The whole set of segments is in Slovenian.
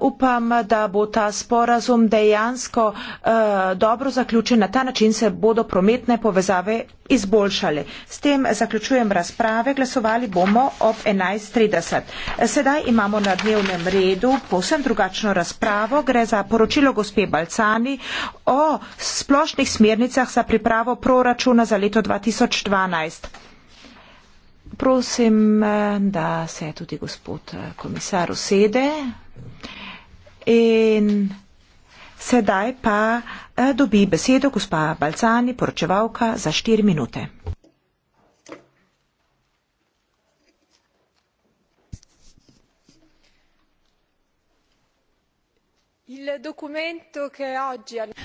upam, da bo ta sporazum dejansko eh, dobro zaključen. Na ta način se bodo prometne povezave izboljšale. S tem zaključujem razprave. Glasovali bomo ob 11.30. Sedaj imamo na dnevnem redu posebno drugačno razpravo. Gre za poročilo gospe Balcani o splošnih smernicah za pripravo proračuna za leto 2012. Prosim, eh, da se tudi gospod eh, komisar usede. In sedaj pa eh, dobi besedo gospa Balcani, poročevalka za štiri minute.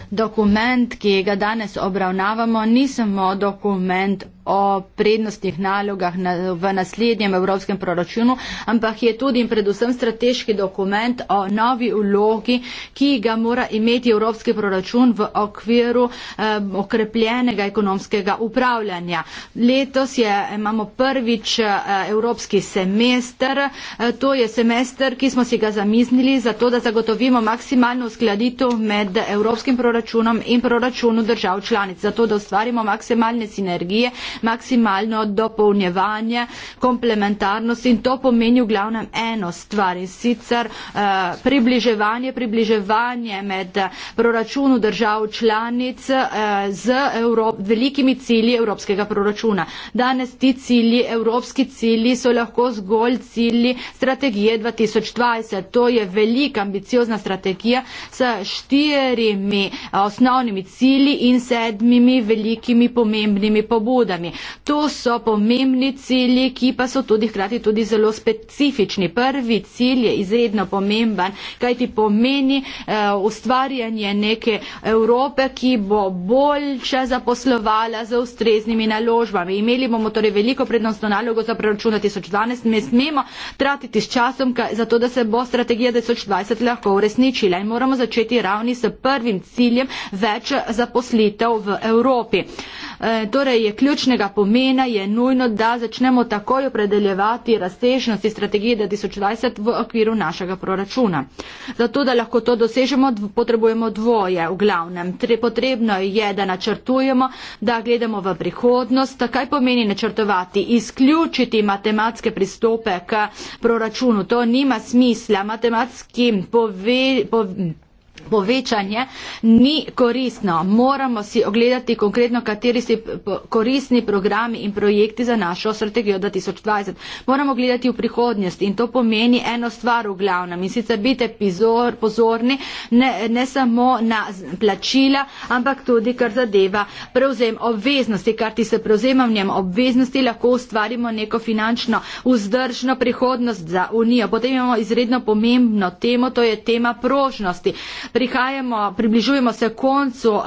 Dokument, ki ga danes obravnavamo, ni samo dokument o prednostnih nalogah na, v naslednjem evropskem proračunu, ampak je tudi in predvsem strateški dokument o novi vlogi, ki ga mora imeti evropski proračun v okviru um, okrepljenega ekonomskega upravljanja. Letos je, imamo prvič uh, evropski semester, uh, to je semester, ki smo si ga zamiznili, zato da zagotovimo maksimalno uskladitev med evropskim proračunom in proračunom držav članic, zato da ustvarimo maksimalne sinergije maksimalno dopolnjevanje, komplementarnost in to pomeni v glavnem eno stvar in sicer uh, približevanje, približevanje med eh, proračunu držav članic uh, z Evro velikimi cilji evropskega proračuna. Danes ti cilji, evropski cilji so lahko zgolj cilji strategije 2020. To je velika ambiciozna strategija s štirimi osnovnimi cilji in sedmimi velikimi pomembnimi pobudami problemi. To so pomembni cilji, ki pa so tudi hkrati tudi zelo specifični. Prvi cilj je izredno pomemben, kaj ti pomeni uh, ustvarjanje neke Evrope, ki bo boljša zaposlovala z ustreznimi naložbami. Imeli bomo torej veliko prednostno nalogo za preračun 2012, ne smemo tratiti s časom, kaj, zato da se bo strategija 2020 lahko uresničila in moramo začeti ravni s prvim ciljem več zaposlitev v Evropi. Uh, E, torej je ključnega pomena, je nujno, da začnemo takoj opredeljevati razsežnosti strategije 2020 v okviru našega proračuna. Zato, da lahko to dosežemo, potrebujemo dvoje v glavnem. Tre, potrebno je, da načrtujemo, da gledamo v prihodnost, kaj pomeni načrtovati, izključiti matematske pristope k proračunu. To nima smisla. Matematski pove, pove, povečanje ni koristno. Moramo si ogledati konkretno, kateri so koristni programi in projekti za našo strategijo 2020. Moramo gledati v prihodnost in to pomeni eno stvar v glavnem in sicer biti pozorni ne, ne samo na plačila, ampak tudi kar zadeva prevzem obveznosti, kar ti se prevzemam obveznosti, lahko ustvarimo neko finančno vzdržno prihodnost za unijo. Potem imamo izredno pomembno temo, to je tema prožnosti prihajamo, približujemo se koncu uh,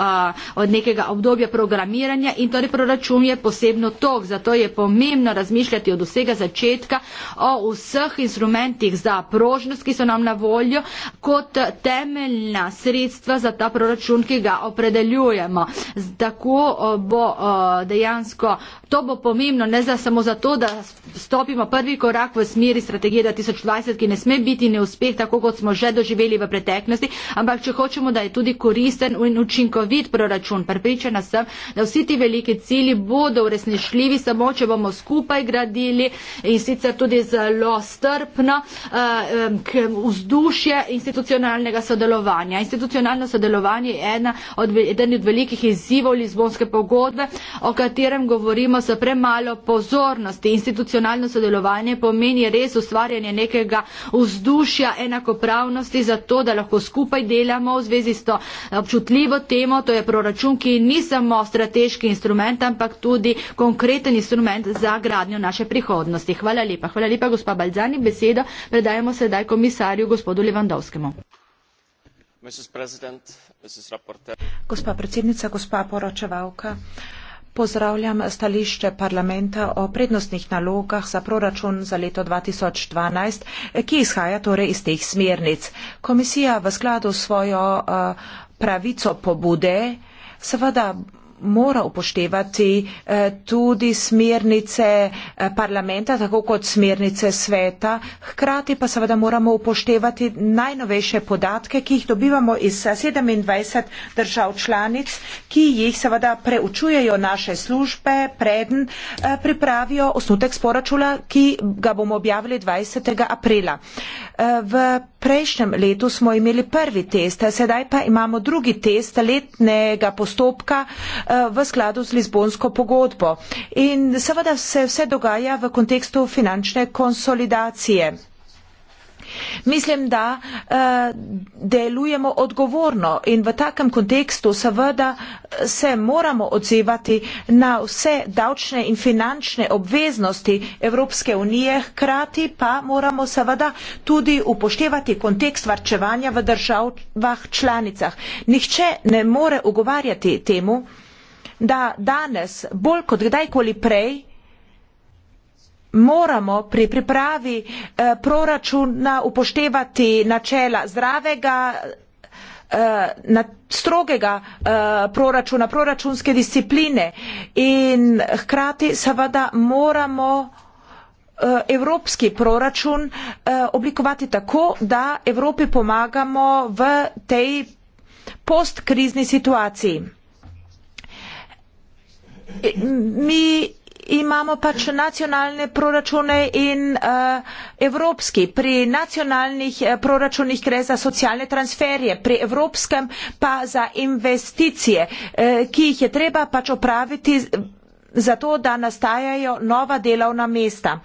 od nekega obdobja programiranja in torej proračun je posebno tok, zato je pomembno razmišljati od vsega začetka o vseh instrumentih za prožnost, ki so nam na voljo, kot temeljna sredstva za ta proračun, ki ga opredeljujemo. Tako uh, bo uh, dejansko, to bo pomembno ne za, samo zato, da stopimo prvi korak v smeri strategije 2020, ki ne sme biti neuspeh, tako kot smo že doživeli v preteklosti, ampak ampak če hočemo, da je tudi koristen in učinkovit proračun, prepričana sem, da vsi ti veliki cilji bodo uresnišljivi samo, če bomo skupaj gradili in sicer tudi zelo strpno eh, vzdušje institucionalnega sodelovanja. Institucionalno sodelovanje je ena od, eden od velikih izzivov Lizbonske pogodbe, o katerem govorimo s premalo pozornosti. Institucionalno sodelovanje pomeni res ustvarjanje nekega vzdušja enakopravnosti za to, da lahko skupaj delamo peljamo v zvezi s to eh, občutljivo temo, to je proračun, ki ni samo strateški instrument, ampak tudi konkreten instrument za gradnjo naše prihodnosti. Hvala lepa. Hvala lepa, gospa Balzani. Besedo predajamo sedaj komisarju gospodu Levandovskemu. Gospa predsednica, gospa poročevalka. Pozdravljam stališče parlamenta o prednostnih nalogah za proračun za leto 2012, ki izhaja torej iz teh smernic. Komisija v skladu s svojo eh, pravico pobude seveda mora upoštevati eh, tudi smernice eh, parlamenta, tako kot smernice sveta. Hkrati pa seveda moramo upoštevati najnovejše podatke, ki jih dobivamo iz 27 eh, držav članic, ki jih seveda preučujejo naše službe, preden pripravijo osnutek sporočula, ki ga bomo objavili 20. aprila. V prejšnjem letu smo imeli prvi test, sedaj pa imamo drugi test letnega postopka, Eh, v skladu z Lizbonsko pogodbo. In seveda se vse dogaja v kontekstu finančne konsolidacije. Mislim, da uh, delujemo odgovorno in v takem kontekstu seveda eh, se moramo odzivati na vse davčne in finančne obveznosti Evropske unije, hkrati pa moramo seveda tudi upoštevati kontekst varčevanja v državah članicah. Nihče ne more ugovarjati temu, da danes bolj kot kdajkoli prej moramo pri pripravi eh, proračuna upoštevati načela zdravega, eh, na, strogega eh, proračuna, proračunske discipline in hkrati seveda moramo eh, evropski proračun eh, oblikovati tako, da Evropi pomagamo v tej postkrizni situaciji. E, mi imamo pač nacionalne proračune in uh, evropski. Pri nacionalnih uh, proračunih gre za socialne transferje, pri evropskem pa za investicije, uh, ki jih je treba pač opraviti zato, da nastajajo nova delovna mesta.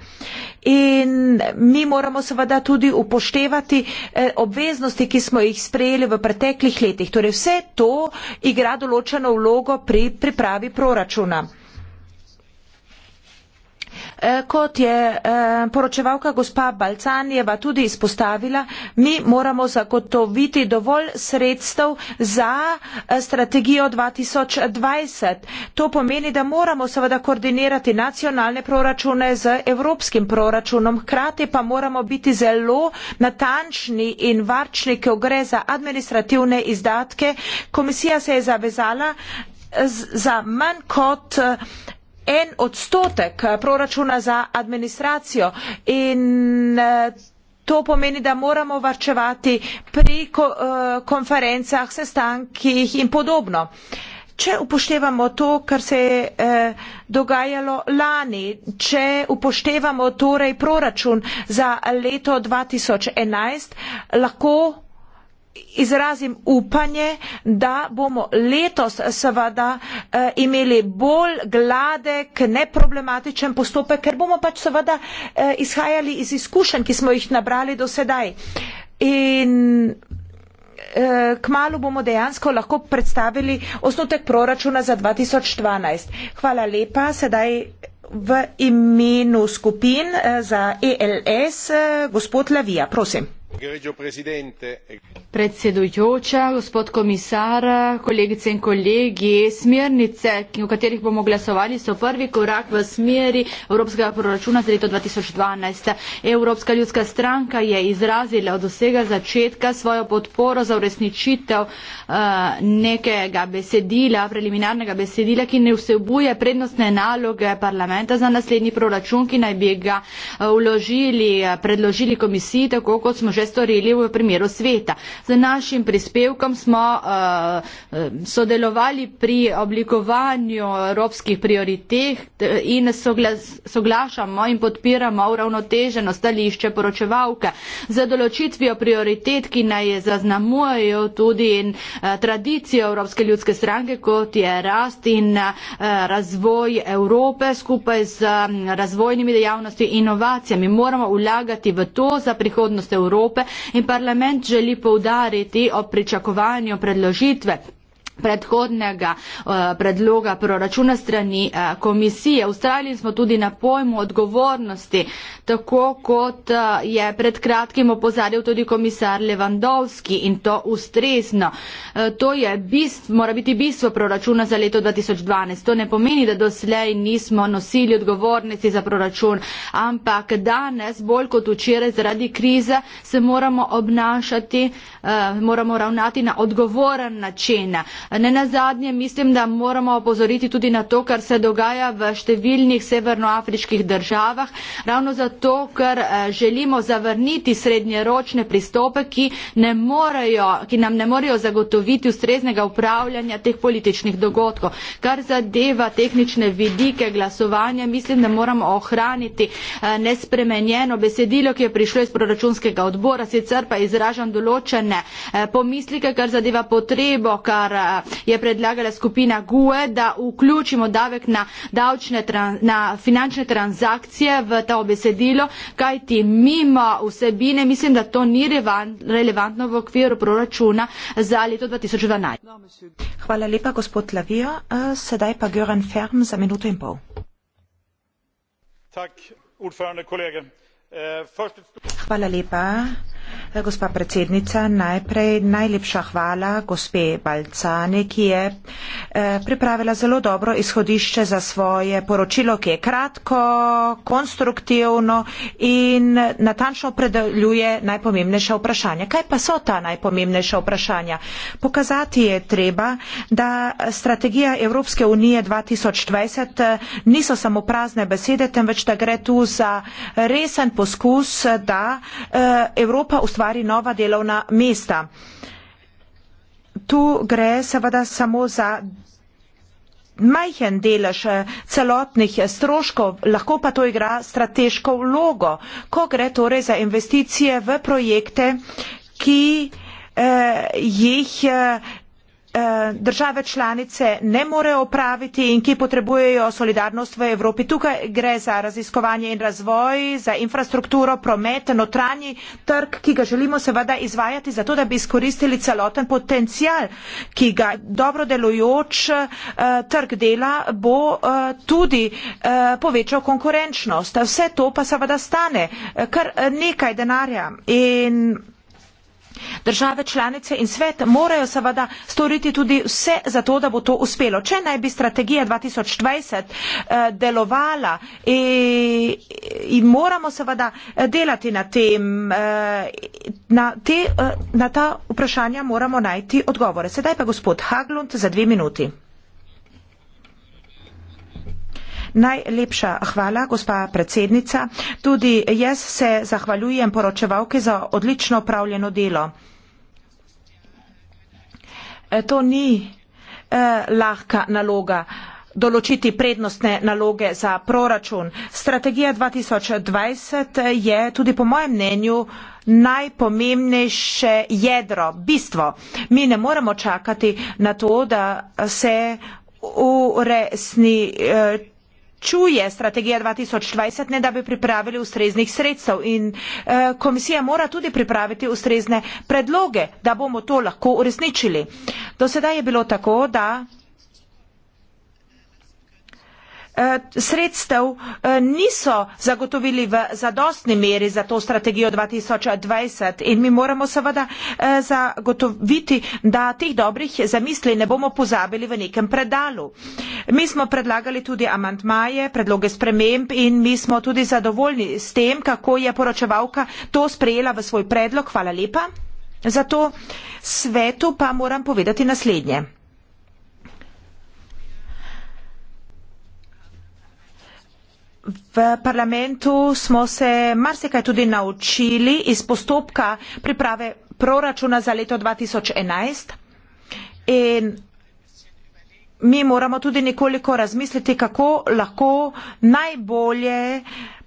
In mi moramo seveda tudi upoštevati eh, obveznosti, ki smo jih sprejeli v preteklih letih. Torej vse to igra določeno vlogo pri pripravi proračuna. Eh, kot je eh, poročevalka gospa Balcanjeva tudi izpostavila, mi moramo zagotoviti dovolj sredstev za eh, strategijo 2020. To pomeni, da moramo seveda koordinirati nacionalne proračune z evropskim proračunom, hkrati pa moramo biti zelo natančni in varčni, ko gre za administrativne izdatke. Komisija se je zavezala za manj kot en odstotek eh, proračuna za administracijo in eh, to pomeni, da moramo varčevati pri eh, konferencah, sestankih in podobno. Če upoštevamo to, kar se je dogajalo lani, če upoštevamo torej proračun za leto 2011, lahko izrazim upanje, da bomo letos seveda eh, imeli bolj gladek, neproblematičen postopek, ker bomo pač seveda eh, izhajali iz izkušenj, ki smo jih nabrali do sedaj. In eh, kmalo bomo dejansko lahko predstavili osnutek proračuna za 2012. Hvala lepa. Sedaj v imenu skupin eh, za ELS eh, gospod Lavija. Prosim predsedujoča gospod komisar kolegice in kolegi smernice o katerih bomo glasovali so prvi korak v smeri evropskega proračuna za leto dva tisoč dvanajst evropska ljudska stranka je izrazila od vsega začetka svojo podporo za uresničitev uh, nekega besedila preliminarnega besedila ki ne vsebuje prednostne naloge parlamenta za naslednji proračun ki naj bi ga uh, vložili uh, predložili komisiji tako kot smo že še storili v primeru sveta. Z našim prispevkom smo uh, uh sodelovali pri oblikovanju evropskih prioritet uh, in sogla soglašamo in podpiramo uravnoteženo stališče poročevalke z določitvijo prioritet, ki naj zaznamujejo tudi in, uh, tradicijo Evropske ljudske stranke, kot je rast in uh, razvoj Evrope skupaj z uh, razvojnimi dejavnostmi in inovacijami. Moramo vlagati v to za prihodnost Evrope Evrope in parlament želi poudariti o pričakovanju predložitve predhodnega eh, predloga proračuna strani eh, komisije. Ustrajali smo tudi na pojmu odgovornosti, tako kot eh, je pred kratkim opozarjal tudi komisar Levandovski in to ustrezno. To je bist, mora biti bistvo proračuna za leto 2012. To ne pomeni, da doslej nismo nosili odgovornosti za proračun, ampak danes, bolj kot včeraj zaradi krize, se moramo obnašati, moramo ravnati na odgovoren način. Ne na zadnje mislim, da moramo opozoriti tudi na to, kar se dogaja v številnih severnoafriških državah, ravno zato, ker eh, želimo zavrniti srednjeročne pristope, ki, morajo, ki nam ne morejo zagotoviti ustreznega upravljanja teh političnih dogodkov. Kar zadeva tehnične vidike glasovanja, mislim, da moramo ohraniti eh, nespremenjeno besedilo, ki je prišlo iz proračunskega odbora, sicer pa izražam določene eh, pomislike, kar zadeva potrebo, kar je predlagala skupina GUE, da vključimo davek na, davčne, na finančne transakcije v ta obesedilo, kajti mimo vsebine mislim, da to ni relevantno v okviru proračuna za leto 2012. Hvala lepa, gospod Lavijo. Eh, sedaj pa Göran Ferm za minuto in pol. Tak, eh, Hvala lepa. Gospa predsednica, najprej najlepša hvala gospe Balcani, ki je eh, pripravila zelo dobro izhodišče za svoje poročilo, ki je kratko, konstruktivno in natančno predeljuje najpomembnejša vprašanja. Kaj pa so ta najpomembnejša vprašanja? Pokazati je treba, da strategija Evropske unije 2020 eh, niso samo prazne besede, temveč da gre tu za resen poskus, da eh, Evropa ustvari nova delovna mesta. Tu gre seveda samo za majhen delež eh, celotnih stroškov, lahko pa to igra strateško vlogo, ko gre torej za investicije v projekte, ki eh, jih eh, Eh, države članice ne morejo opraviti in ki potrebujejo solidarnost v Evropi. Tukaj gre za raziskovanje in razvoj, za infrastrukturo, promet, notranji trg, ki ga želimo seveda izvajati, zato da bi izkoristili celoten potencial, ki ga dobro delujoč eh, trg dela bo eh, tudi eh, povečal konkurenčnost. Vse to pa seveda stane eh, kar eh, nekaj denarja. In Države članice in svet morajo seveda storiti tudi vse za to, da bo to uspelo. Če naj bi strategija 2020 eh, delovala eh, in moramo seveda eh, delati na tem, eh, na, te, eh, na ta vprašanja moramo najti odgovore. Sedaj pa gospod Haglund za dve minuti. Najlepša hvala, gospa predsednica. Tudi jaz se zahvaljujem poročevalki za odlično upravljeno delo. E, to ni eh, lahka naloga določiti prednostne naloge za proračun. Strategija 2020 je tudi po mojem mnenju najpomembnejše jedro, bistvo. Mi ne moremo čakati na to, da se uresni. Eh, uničuje strategija 2020, ne da bi pripravili ustreznih sredstev. In e, komisija mora tudi pripraviti ustrezne predloge, da bomo to lahko uresničili. Do sedaj je bilo tako, da Eh, sredstev eh, niso zagotovili v zadostni meri za to strategijo 2020 in mi moramo seveda eh, zagotoviti, da tih dobrih zamisli ne bomo pozabili v nekem predalu. Mi smo predlagali tudi amantmaje, predloge sprememb in mi smo tudi zadovoljni s tem, kako je poročevalka to sprejela v svoj predlog. Hvala lepa. Zato svetu pa moram povedati naslednje. V parlamentu smo se marsikaj tudi naučili iz postopka priprave proračuna za leto 2011 in mi moramo tudi nekoliko razmisliti, kako lahko najbolje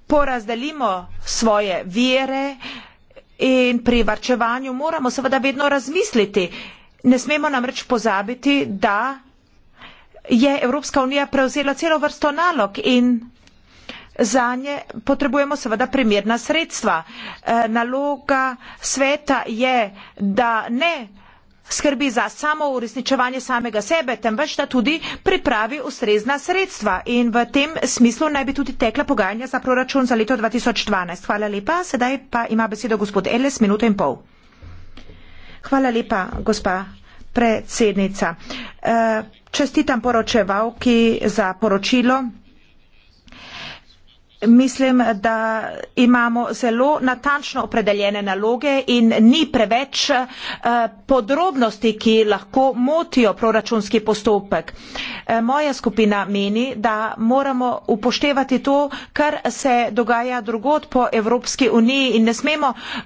porazdelimo svoje vire in pri varčevanju moramo seveda vedno razmisliti. Ne smemo namreč pozabiti, da je Evropska unija prevzela celo vrsto nalog in Zanje potrebujemo seveda primerna sredstva. E, naloga sveta je, da ne skrbi za samo uresničevanje samega sebe, temveč da tudi pripravi ustrezna sredstva. In v tem smislu naj bi tudi tekla pogajanja za proračun za leto 2012. Hvala lepa. Sedaj pa ima besedo gospod Eles, minuto in pol. Hvala lepa, gospa predsednica. E, čestitam poročevalki za poročilo mislim, da imamo zelo natančno opredeljene naloge in ni preveč eh, podrobnosti, ki lahko motijo proračunski postopek. Eh, moja skupina meni, da moramo upoštevati to, kar se dogaja drugod po Evropski uniji in ne smemo eh,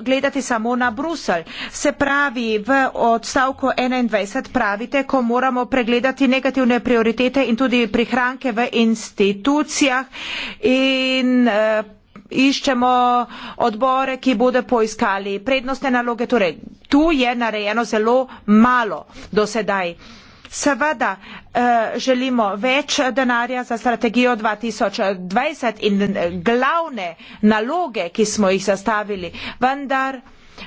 gledati samo na Brusel. Se pravi, v odstavku 21 pravite, ko moramo pregledati negativne prioritete in tudi prihranke v institucijah. In in uh, iščemo odbore, ki bodo poiskali prednostne naloge. Torej, tu je narejeno zelo malo do sedaj. Seveda eh, želimo več denarja za strategijo 2020 in eh, glavne naloge, ki smo jih zastavili, vendar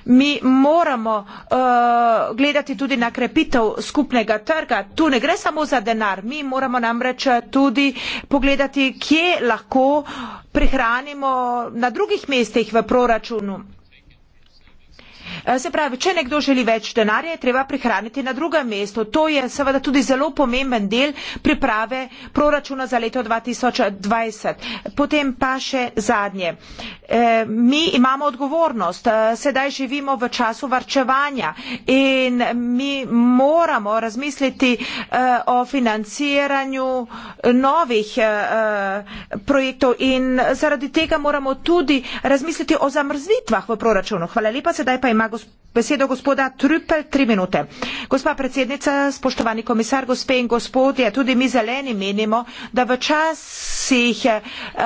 mi moramo uh, gledati tudi na krepitev skupnega trga. Tu ne gre samo za denar, mi moramo namreč eh, tudi pogledati, kje lahko prihranimo na drugih mestih v proračunu. Eh, se pravi, če nekdo želi več denarja, je treba prihraniti na drugem mestu. To je seveda tudi zelo pomemben del priprave proračuna za leto 2020. Potem pa še zadnje. Eh, mi imamo odgovornost, eh, sedaj živimo v času varčevanja in mi moramo razmisliti o financiranju novih projektov in zaradi tega moramo tudi razmisliti o zamrzvitvah v proračunu. Hvala lepa, sedaj pa ima besedo gospoda Trüppel, tri minute. Gospa predsednica, spoštovani komisar, gospe in gospodje, tudi mi zeleni menimo, da v časih uh,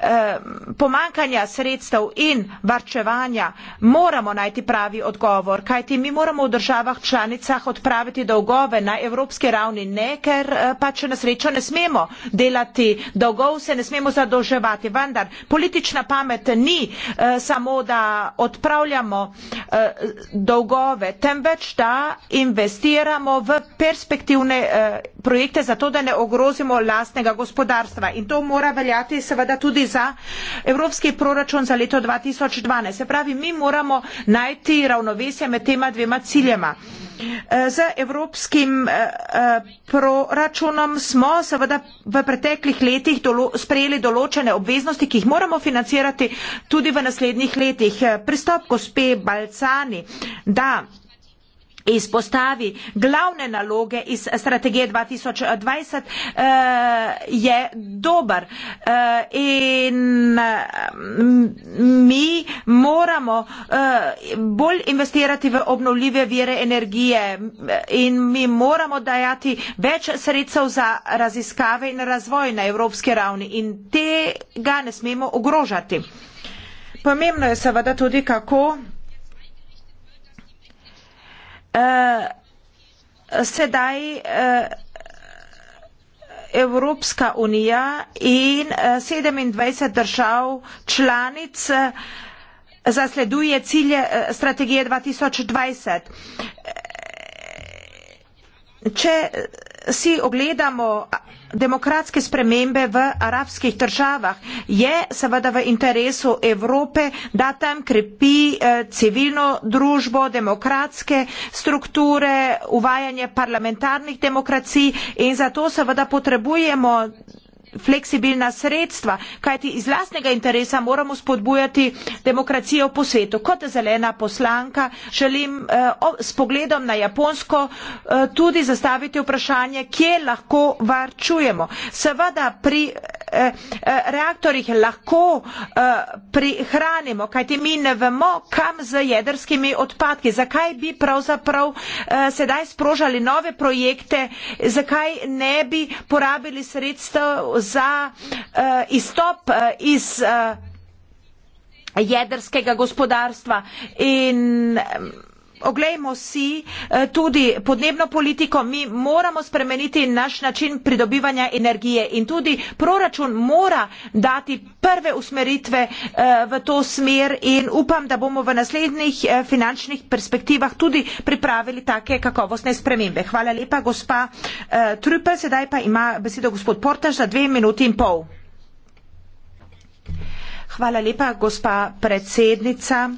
Eh, pomankanja sredstev in varčevanja moramo najti pravi odgovor, kajti mi moramo v državah članicah odpraviti dolgove na evropski ravni, ne ker eh, pač na srečo ne smemo delati dolgov, se ne smemo zadolževati. Vendar politična pamet ni eh, samo, da odpravljamo dolgove, temveč da investiramo v perspektivne projekte, zato da ne ogrozimo lastnega gospodarstva. In to mora veljati seveda tudi za evropski proračun za leto 2012. Se pravi, mi moramo najti ravnovesje med tema dvema ciljema. Eh, z evropskim eh, eh, proračunom smo seveda v preteklih letih dolo sprejeli določene obveznosti, ki jih moramo financirati tudi v naslednjih letih. Pristop gospe Balcani, da izpostavi. Glavne naloge iz strategije 2020 uh, eh, je dober uh, in mm, mi moramo uh, bolj investirati v obnovljive vire energije in mi moramo dajati več sredstev za raziskave in razvoj na evropski ravni in tega ne smemo ogrožati. Pomembno je seveda tudi, kako uh, sedaj uh, Evropska unija in uh, eh, 27 držav članic uh, zasleduje cilje uh, strategije 2020. Uh, če si ogledamo demokratske spremembe v arabskih državah. Je seveda v interesu Evrope, da tam krepi eh, civilno družbo, demokratske strukture, uvajanje parlamentarnih demokracij in zato seveda potrebujemo fleksibilna sredstva, kajti iz lastnega interesa moramo spodbujati demokracijo po svetu. Kot zelena poslanka želim eh, s pogledom na Japonsko eh, tudi zastaviti vprašanje, kje lahko varčujemo. Seveda pri eh, reaktorjih lahko prihranimo, kajti mi ne vemo, kam z jedrskimi odpadki, zakaj bi pravzaprav sedaj sprožali nove projekte, zakaj ne bi porabili sredstva za uh, izstop uh, iz uh, jedrskega gospodarstva in um, oglejmo si eh, tudi podnebno politiko, mi moramo spremeniti naš način pridobivanja energije in tudi proračun mora dati prve usmeritve eh, v to smer in upam, da bomo v naslednjih eh, finančnih perspektivah tudi pripravili take kakovostne spremembe. Hvala lepa, gospa Trupel, sedaj pa ima besedo gospod Portaž za dve minuti in pol. Hvala lepa, gospa predsednica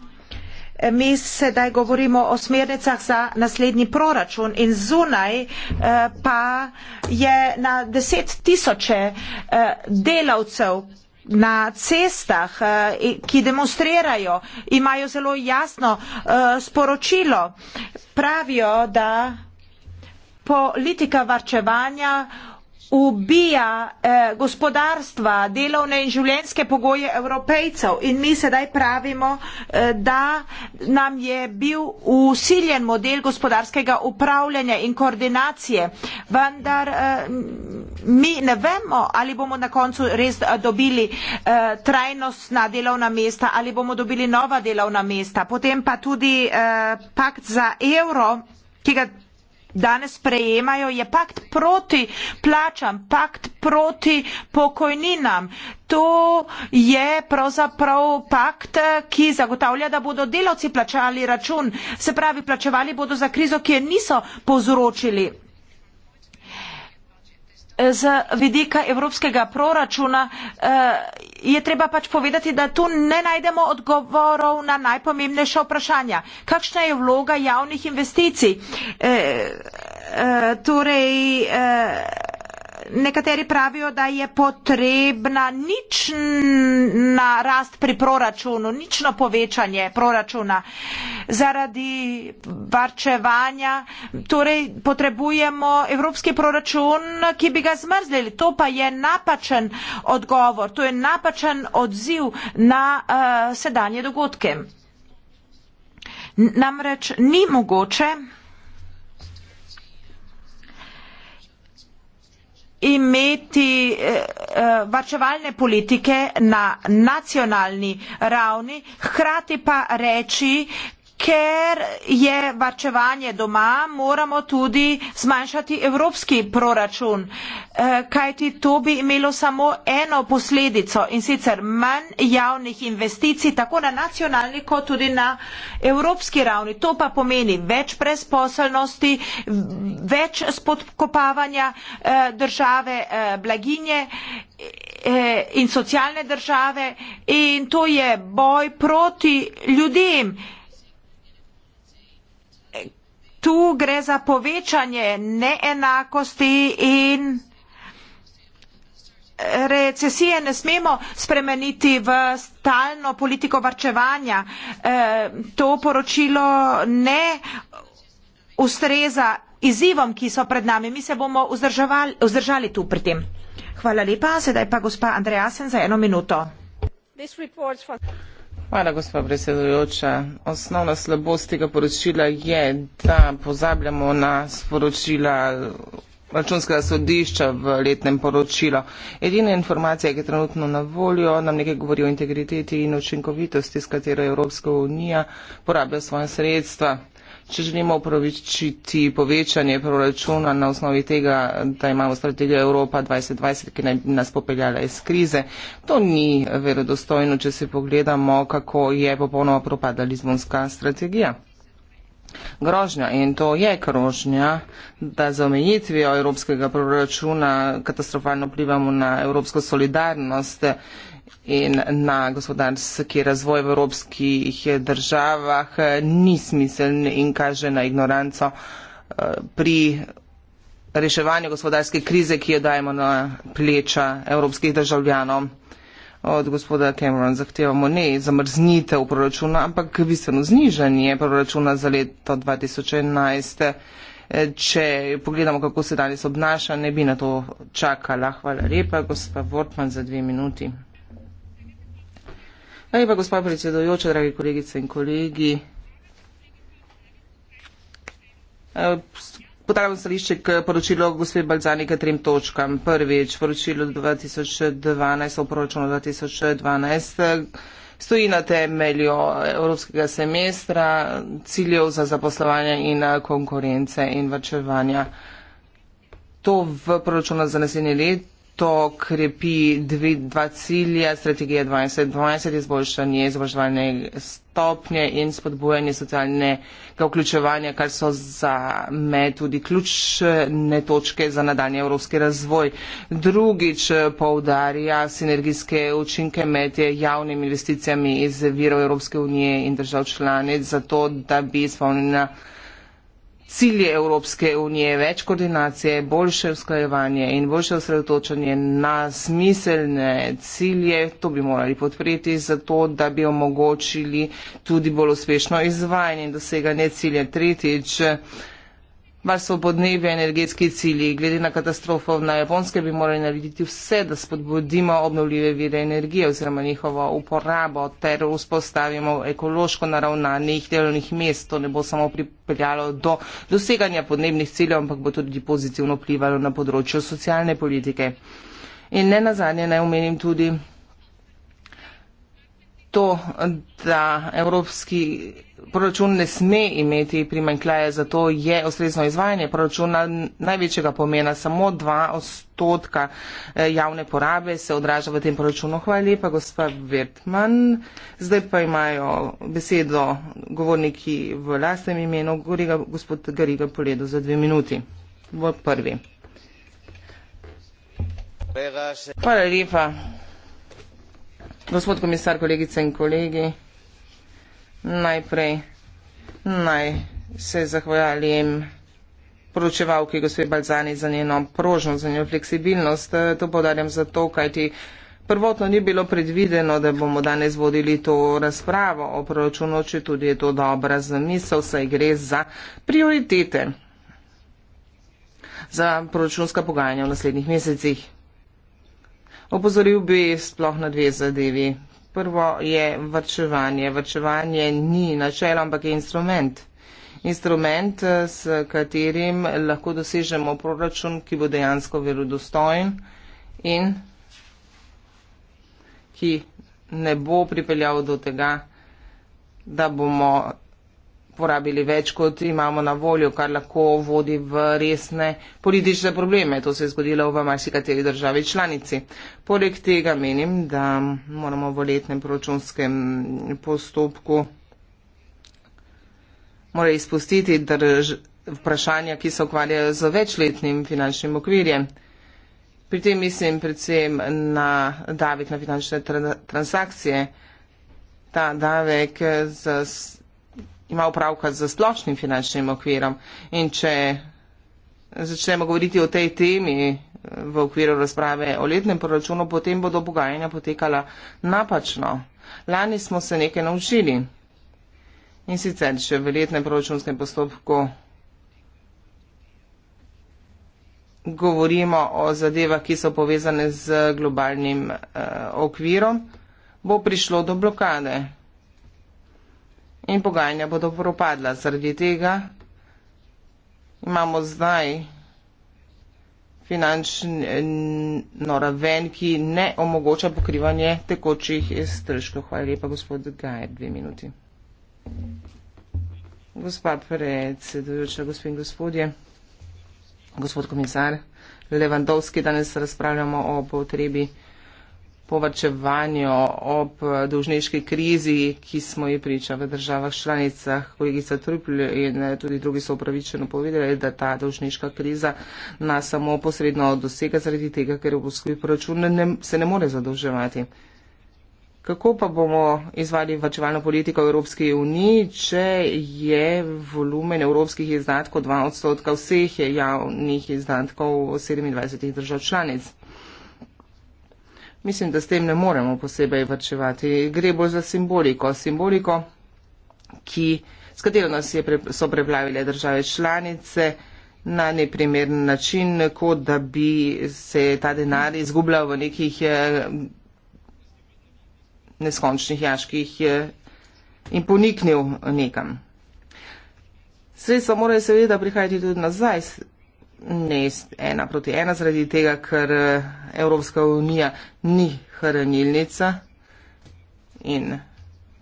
mi sedaj govorimo o smernicah za naslednji proračun in zunaj eh, pa je na deset tisoče eh, delavcev na cestah, eh, ki demonstrirajo, imajo zelo jasno sporočilo. Pravijo, da politika varčevanja ubija eh, gospodarstva, delovne in življenjske pogoje evropejcev. In mi sedaj pravimo, eh, da nam je bil usiljen model gospodarskega upravljanja in koordinacije. Vendar eh, mi ne vemo, ali bomo na koncu res eh, dobili eh, trajnostna delovna mesta, ali bomo dobili nova delovna mesta. Potem pa tudi eh, pakt za evro, ki ga danes prejemajo, je pakt proti plačam, pakt proti pokojninam. To je pravzaprav pakt, ki zagotavlja, da bodo delavci plačali račun, se pravi, plačevali bodo za krizo, ki je niso povzročili z vidika evropskega proračuna eh, je treba pač povedati, da tu ne najdemo odgovorov na najpomembnejša vprašanja. Kakšna je vloga javnih investicij? Eh, eh, torej, nekateri pravijo, da je potrebna nična rast pri proračunu, nično povečanje proračuna zaradi varčevanja. Torej, potrebujemo evropski proračun, ki bi ga zmrzlili. To pa je napačen odgovor, to je napačen odziv na uh, sedanje dogodke. N namreč ni mogoče, imeti uh, varčevalne politike na nacionalni ravni, hkrati pa reči, ker je varčevanje doma, moramo tudi zmanjšati evropski proračun, eh, kajti to bi imelo samo eno posledico in sicer manj javnih investicij, tako na nacionalni kot tudi na evropski ravni. To pa pomeni več brezposelnosti, več spodkopavanja eh, države eh, blaginje in socialne države in to je boj proti ljudem tu gre za povečanje neenakosti in recesije ne smemo spremeniti v stalno politiko varčevanja. E, to poročilo ne ustreza izzivom, ki so pred nami. Mi se bomo vzdržali tu pri tem. Hvala lepa. Sedaj pa gospa Andreasen za eno minuto. This report for... Hvala, gospa predsedujoča. Osnovna slabost tega poročila je, da pozabljamo na sporočila računskega sodišča v letnem poročilu. Edina informacija, ki je trenutno na voljo, nam nekaj govori o integriteti in učinkovitosti, s katero Evropska unija porablja svoje sredstva če želimo upravičiti povečanje proračuna na osnovi tega, da imamo strategijo Evropa 2020, ki naj bi nas popeljala iz krize, to ni verodostojno, če se pogledamo, kako je popolnoma propadla Lizbonska strategija. Grožnja in to je grožnja, da za omejitvijo evropskega proračuna katastrofalno vplivamo na evropsko solidarnost in na gospodarski razvoj v evropskih državah ni smiseln in kaže na ignoranco eh, pri reševanju gospodarske krize, ki jo dajemo na pleča evropskih državljanov. Od gospoda Cameron zahtevamo ne zamrznitev proračuna, ampak bistveno znižanje proračuna za leto 2011. Če pogledamo, kako se danes obnaša, ne bi na to čakala. Hvala lepa, gospod Wortman, za dve minuti. Ej pa, gospod predsedojoča, dragi kolegice in kolegi, e, podaljam stališče k poročilo gospod Balzani k trem točkam. Prvič, poročilo 2012, v poročilo 2012 stoji na temelju evropskega semestra ciljev za zaposlovanje in e, konkurence in vrčevanja. To v poročilo za naslednje leto to krepi dve, dva cilja, strategija 2020, izboljšanje izobraževalne stopnje in spodbujanje socialnega vključevanja, kar so za me tudi ključne točke za nadaljni evropski razvoj. Drugič poudarja sinergijske učinke med javnimi investicijami iz virov Evropske unije in držav članic, zato da bi izpolnila cilje Evropske unije, več koordinacije, boljše usklajevanje in boljše osredotočanje na smiselne cilje, to bi morali podpreti, zato da bi omogočili tudi bolj uspešno izvajanje in doseganje cilja. Tretjič, Varstvo podnebja, energetski cilji. Glede na katastrofo na Japonske bi morali narediti vse, da spodbudimo obnovljive vire energije oziroma njihovo uporabo ter vzpostavimo ekološko naravnanih delovnih mest. To ne bo samo pripeljalo do doseganja podnebnih ciljev, ampak bo tudi pozitivno vplivalo na področju socialne politike. In ne nazadnje naj omenim tudi to, da Evropski proračun ne sme imeti primankljaja, zato je ustrezno izvajanje proračuna največjega pomena. Samo dva odstotka eh, javne porabe se odraža v tem proračunu. Hvala lepa, gospa Wertmann. Zdaj pa imajo besedo govorniki v lastnem imenu, Goriga, gospod Gariga Poledo, za dve minuti. V prvi. Hvala lepa, gospod komisar, kolegice in kolegi najprej naj se zahvaljujem poročevalki gospe Balzani za njeno prožnost, za njeno fleksibilnost. To podarjam zato, kajti prvotno ni bilo predvideno, da bomo danes vodili to razpravo o proračunu, če tudi je to dobra zamisel, saj gre za prioritete za proračunska pogajanja v naslednjih mesecih. Opozoril bi sploh na dve zadevi prvo je vrčevanje. Vrčevanje ni načelo, ampak je instrument. Instrument, eh, s katerim lahko dosežemo proračun, ki bo dejansko verodostojen in ki ne bo pripeljal do tega, da bomo porabili več, kot imamo na voljo, kar lahko vodi v resne politične probleme. To se je zgodilo v marsikateri državi članici. Poleg tega menim, da moramo v letnem proračunskem postopku mora izpustiti drž, vprašanja, ki se ukvarjajo z večletnim finančnim okvirjem. Pri tem mislim predvsem na davek na finančne transakcije. Ta davek z ima upravka z splošnim finančnim okvirom. In če začnemo govoriti o tej temi eh, v okviru razprave o letnem proračunu, potem bodo pogajanja potekala napačno. Lani smo se nekaj naučili. In sicer, če v letnem proračunskem postopku govorimo o zadevah, ki so povezane z globalnim eh, okvirom, bo prišlo do blokade in pogajanja bodo propadla. Zaradi tega imamo zdaj finančno raven, ki ne omogoča pokrivanje tekočih stržkov. Hvala lepa, gospod Gajer, dve minuti. Gospa predsedujoča, gospod in gospodje, gospod komisar Levandovski, danes razpravljamo o potrebi povačevanju ob dolžniški krizi, ki smo ji priča v državah članicah. Kolegica Trupl in eh, tudi drugi so upravičeno povedali, da ta dolžniška kriza nas samo posredno dosega zaradi tega, ker evropski proračun ne, se ne more zadolževati. Kako pa bomo izvali vačevalno politiko v Evropski uniji, če je volumen evropskih izdatkov 2 odstotka vseh javnih izdatkov 27 držav članic? Mislim, da s tem ne moremo posebej vrčevati. Gre bolj za simboliko. Simboliko, ki, s katero nas je, so preplavile države članice na neprimeren način, kot da bi se ta denar izgubljal v nekih eh, neskončnih jaških eh, in poniknil nekam. Sredstva morajo seveda prihajati tudi nazaj, ne ena proti ena, zaradi tega, ker eh, Evropska unija ni hranilnica in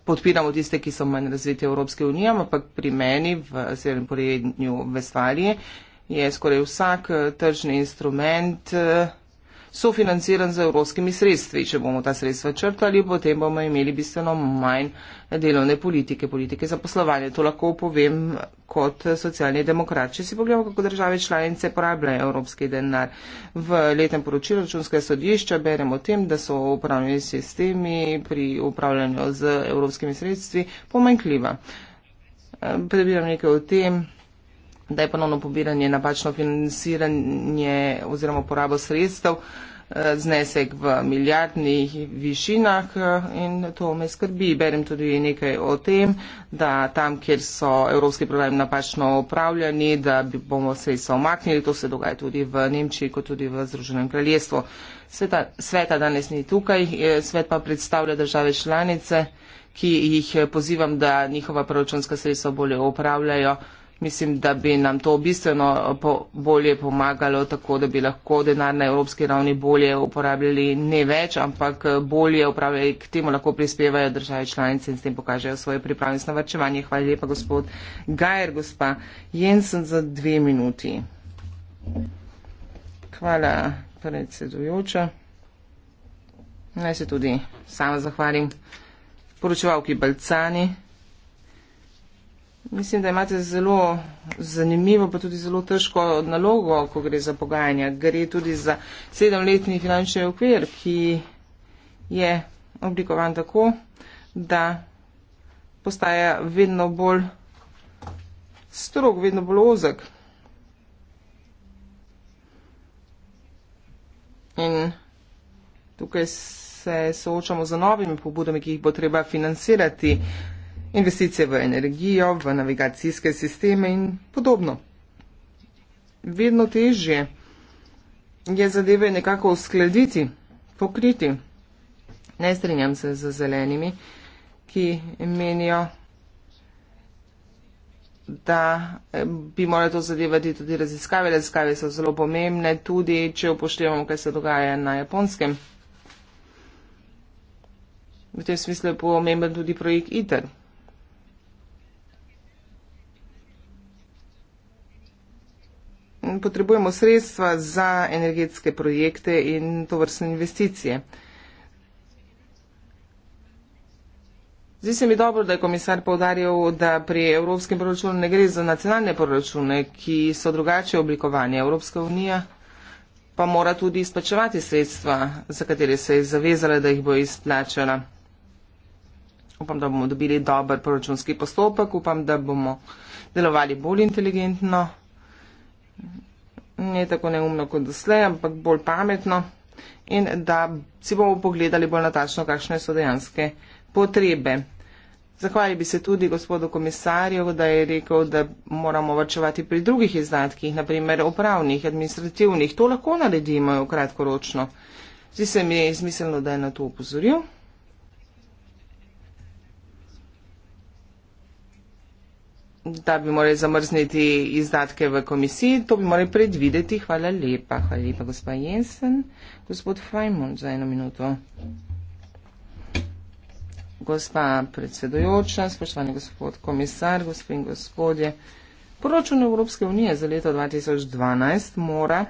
podpiramo tiste, ki so manj razviti Evropske unije, ampak pri meni v severnem porednju Vestvalije je skoraj vsak eh, tržni instrument eh, sofinanciran z evropskimi sredstvi. Če bomo ta sredstva črtali, potem bomo imeli bistveno manj delovne politike, politike zaposlovanja. To lahko povem kot socialni demokrat. Če si pogledamo, kako države članice porabljajo evropski denar. V letem poročilu računskega sodišča beremo o tem, da so upravljeni sistemi pri upravljanju z evropskimi sredstvi pomankljiva. Prebiram nekaj o tem da je ponovno pobiranje napačno financiranje oziroma porabo sredstev eh, znesek v milijardnih višinah eh, in to me skrbi. Berem tudi nekaj o tem, da tam, kjer so evropski programi napačno upravljani, da bi bomo se jih omaknili. To se dogaja tudi v Nemčiji, kot tudi v Združenem kraljestvu. Sveta, sveta danes ni tukaj, eh, svet pa predstavlja države članice, ki jih pozivam, da njihova proračunska sredstva bolje upravljajo. Mislim, da bi nam to bistveno eh, po bolje pomagalo, tako da bi lahko denar na evropski ravni bolje uporabljali, ne več, ampak eh, bolje upravljali, k temu lahko prispevajo države članice in s tem pokažejo svoje pripravljenost na vrčevanje. Hvala lepa, gospod Gajer, gospa Jensen, za dve minuti. Hvala, predsedujoča. Naj se tudi sama zahvalim poročevalki Balcani. Mislim, da imate zelo zanimivo, pa tudi zelo težko nalogo, ko gre za pogajanja. Gre tudi za sedemletni finančni okvir, ki je oblikovan tako, da postaja vedno bolj strog, vedno bolj ozek. In tukaj se soočamo z novimi pobudami, ki jih bo treba financirati. Uh, investicije v energijo, v navigacijske sisteme in podobno. Vedno težje je zadeve nekako uskladiti, pokriti. Ne strinjam se z zelenimi, ki menijo, da eh, bi morali to zadevati tudi raziskave. Raziskave so zelo pomembne, tudi če upoštevamo, kaj se dogaja na japonskem. V tem smislu je pomemben tudi projekt ITER, potrebujemo sredstva za energetske projekte in to vrstne investicije. Zdi se mi dobro, da je komisar povdarjal, da pri evropskem proračunu ne gre za nacionalne proračune, ki so drugače oblikovanje. Evropska unija pa mora tudi izplačevati sredstva, za katere se je zavezala, da jih bo izplačala. Upam, da bomo dobili dober proračunski postopek, upam, da bomo delovali bolj inteligentno ne tako neumno kot doslej, ampak bolj pametno in da si bomo pogledali bolj natačno, kakšne so dejanske potrebe. Zahvali bi se tudi gospodu komisarju, da je rekel, da moramo vrčevati pri drugih izdatkih, naprimer upravnih, administrativnih. To lahko naredimo kratkoročno. Zdi se mi je smiselno, da je na to upozoril. da bi morali zamrzniti izdatke v komisiji, to bi morali predvideti. Hvala lepa. Hvala lepa, gospa Jensen. Gospod Fajmon, za eno minuto. Gospa predsedujoča, spoštovani gospod komisar, gospod in gospodje, poročun Evropske unije za leto 2012 mora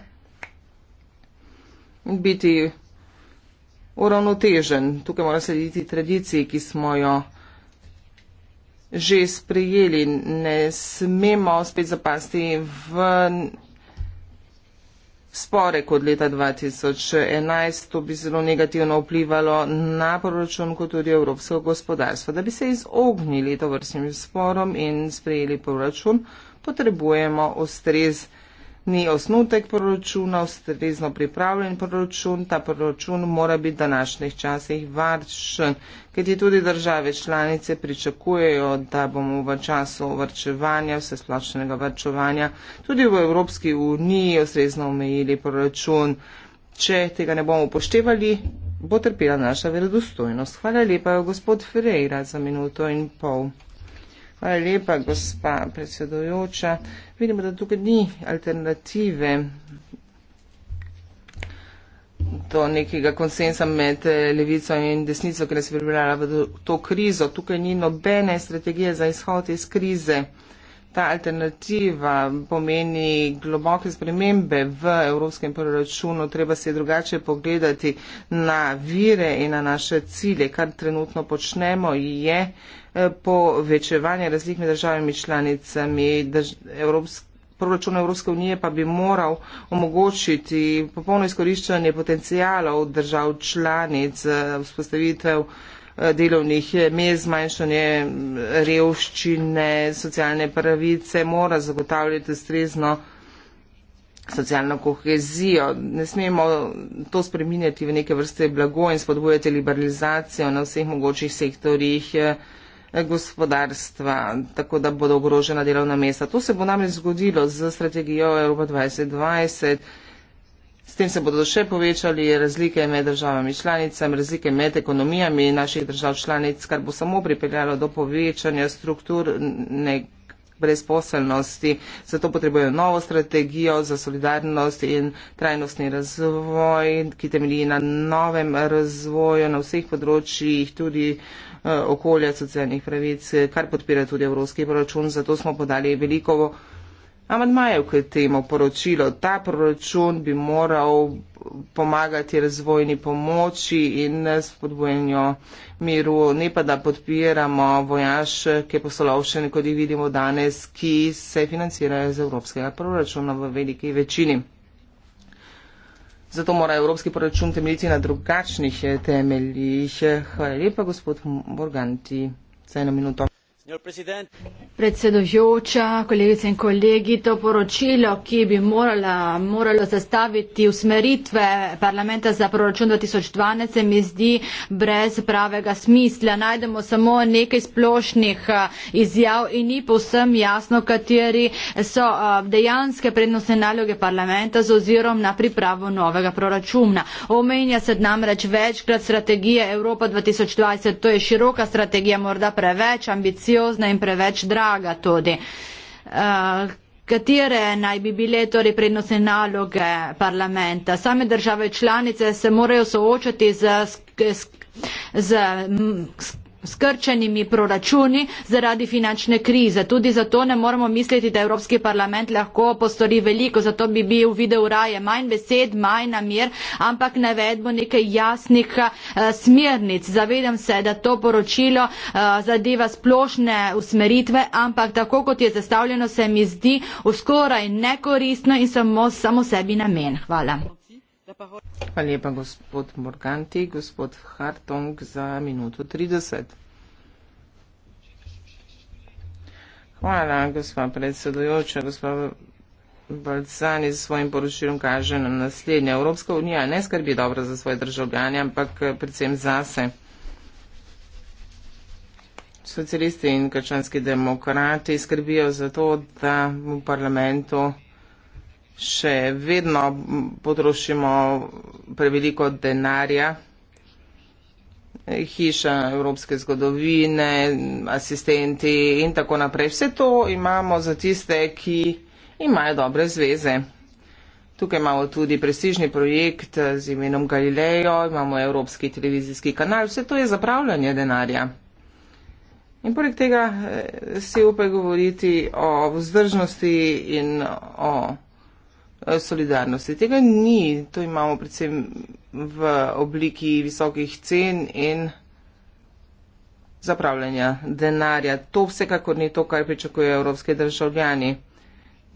biti uravnotežen. Tukaj mora slediti tradiciji, ki smo jo že sprejeli. Ne smemo spet zapasti v spore kot leta 2011. To bi zelo negativno vplivalo na proračun kot tudi evropsko gospodarstvo. Da bi se izognili to vrstnim sporom in sprejeli proračun, potrebujemo ustrezni ni osnutek proračuna, ustrezno pripravljen proračun, ta proračun mora biti v današnjih časih varčen, kajti tudi države članice pričakujejo, da bomo v času vrčevanja, vse splošnega vrčevanja, tudi v Evropski uniji ustrezno omejili proračun. Če tega ne bomo upoštevali, bo trpela naša verodostojnost. Hvala lepa, gospod Ferreira, za minuto in pol. Hvala lepa, gospa predsedojoča. Vidimo, da tukaj ni alternative do nekega konsensa med eh, levico in desnico, ki nas je pripeljala v to krizo. Tukaj ni nobene strategije za izhod iz krize ta alternativa pomeni globoke spremembe v evropskem proračunu, treba se drugače pogledati na vire in na naše cilje. Kar trenutno počnemo je eh, povečevanje razlik med državami članicami drž evropske. Proračun Evropske unije pa bi moral omogočiti popolno izkoriščanje potencijalov držav članic, eh, vzpostavitev uh, delovnih mest, zmanjšanje revščine, socialne pravice, mora zagotavljati strezno socialno kohezijo. Ne smemo to spreminjati v neke vrste blago in spodbujati liberalizacijo na vseh mogočih sektorjih eh, gospodarstva, tako da bodo ogrožena delovna mesta. To se bo namreč zgodilo z strategijo Evropa 2020. S tem se bodo še povečali razlike med državami članicami, razlike med ekonomijami naših držav članic, kar bo samo pripeljalo do povečanja strukturne brezposelnosti. Zato potrebujejo novo strategijo za solidarnost in trajnostni razvoj, ki temelji na novem razvoju na vseh področjih, tudi eh, okolja socialnih pravic, kar podpira tudi evropski proračun. Zato smo podali veliko amadmajev k temu poročilo. Ta proračun bi moral pomagati razvojni pomoči in spodbojenju miru, ne pa da podpiramo vojaške poslovšene, kot jih vidimo danes, ki se financirajo iz evropskega proračuna v veliki večini. Zato mora evropski proračun temeljiti na drugačnih temeljih. Hvala lepa, gospod Morganti, za eno minuto. Predsedujoča, kolegice in kolegi, to poročilo, ki bi morala, moralo zastaviti usmeritve parlamenta za proračun 2012, se mi zdi brez pravega smisla. Najdemo samo nekaj splošnih eh, izjav in ni povsem jasno, kateri so eh, dejanske prednostne naloge parlamenta z ozirom na pripravo novega proračuna. Omenja se namreč večkrat strategije Evropa 2020, to je široka strategija, morda preveč ambiciozna ambiciozna in preveč draga tudi. Eh, katere naj bi bile torej prednostne naloge parlamenta? Same države članice se morajo soočati z, z, z, z skrčenimi proračuni zaradi finančne krize. Tudi zato ne moramo misliti, da Evropski parlament lahko postori veliko, zato bi bil video raje manj besed, manj namir, ampak navedbo nekaj jasnih eh, smernic. Zavedam se, da to poročilo eh, zadeva splošne usmeritve, ampak tako kot je zastavljeno, se mi zdi skoraj nekoristno in samo, samo sebi namen. Hvala. Hvala lepa, gospod Morganti. Gospod Hartong za minuto 30. Hvala, gospa predsedujoča. Gospa Balcani s svojim poročilom kaže na naslednje. Evropska unija ne skrbi dobro za svoje državljanje, ampak predvsem zase. Socialisti in krščanski demokrati skrbijo za to, da v parlamentu še vedno potrošimo preveliko denarja. Hiša evropske zgodovine, asistenti in tako naprej. Vse to imamo za tiste, ki imajo dobre zveze. Tukaj imamo tudi prestižni projekt z imenom Galileo, imamo evropski televizijski kanal. Vse to je zapravljanje denarja. In poleg tega eh, si upaj govoriti o vzdržnosti in o. Eh, solidarnosti. Tega ni, to imamo predvsem v obliki visokih cen in zapravljanja denarja. To vsekakor ni to, kar pričakujejo evropske državljani.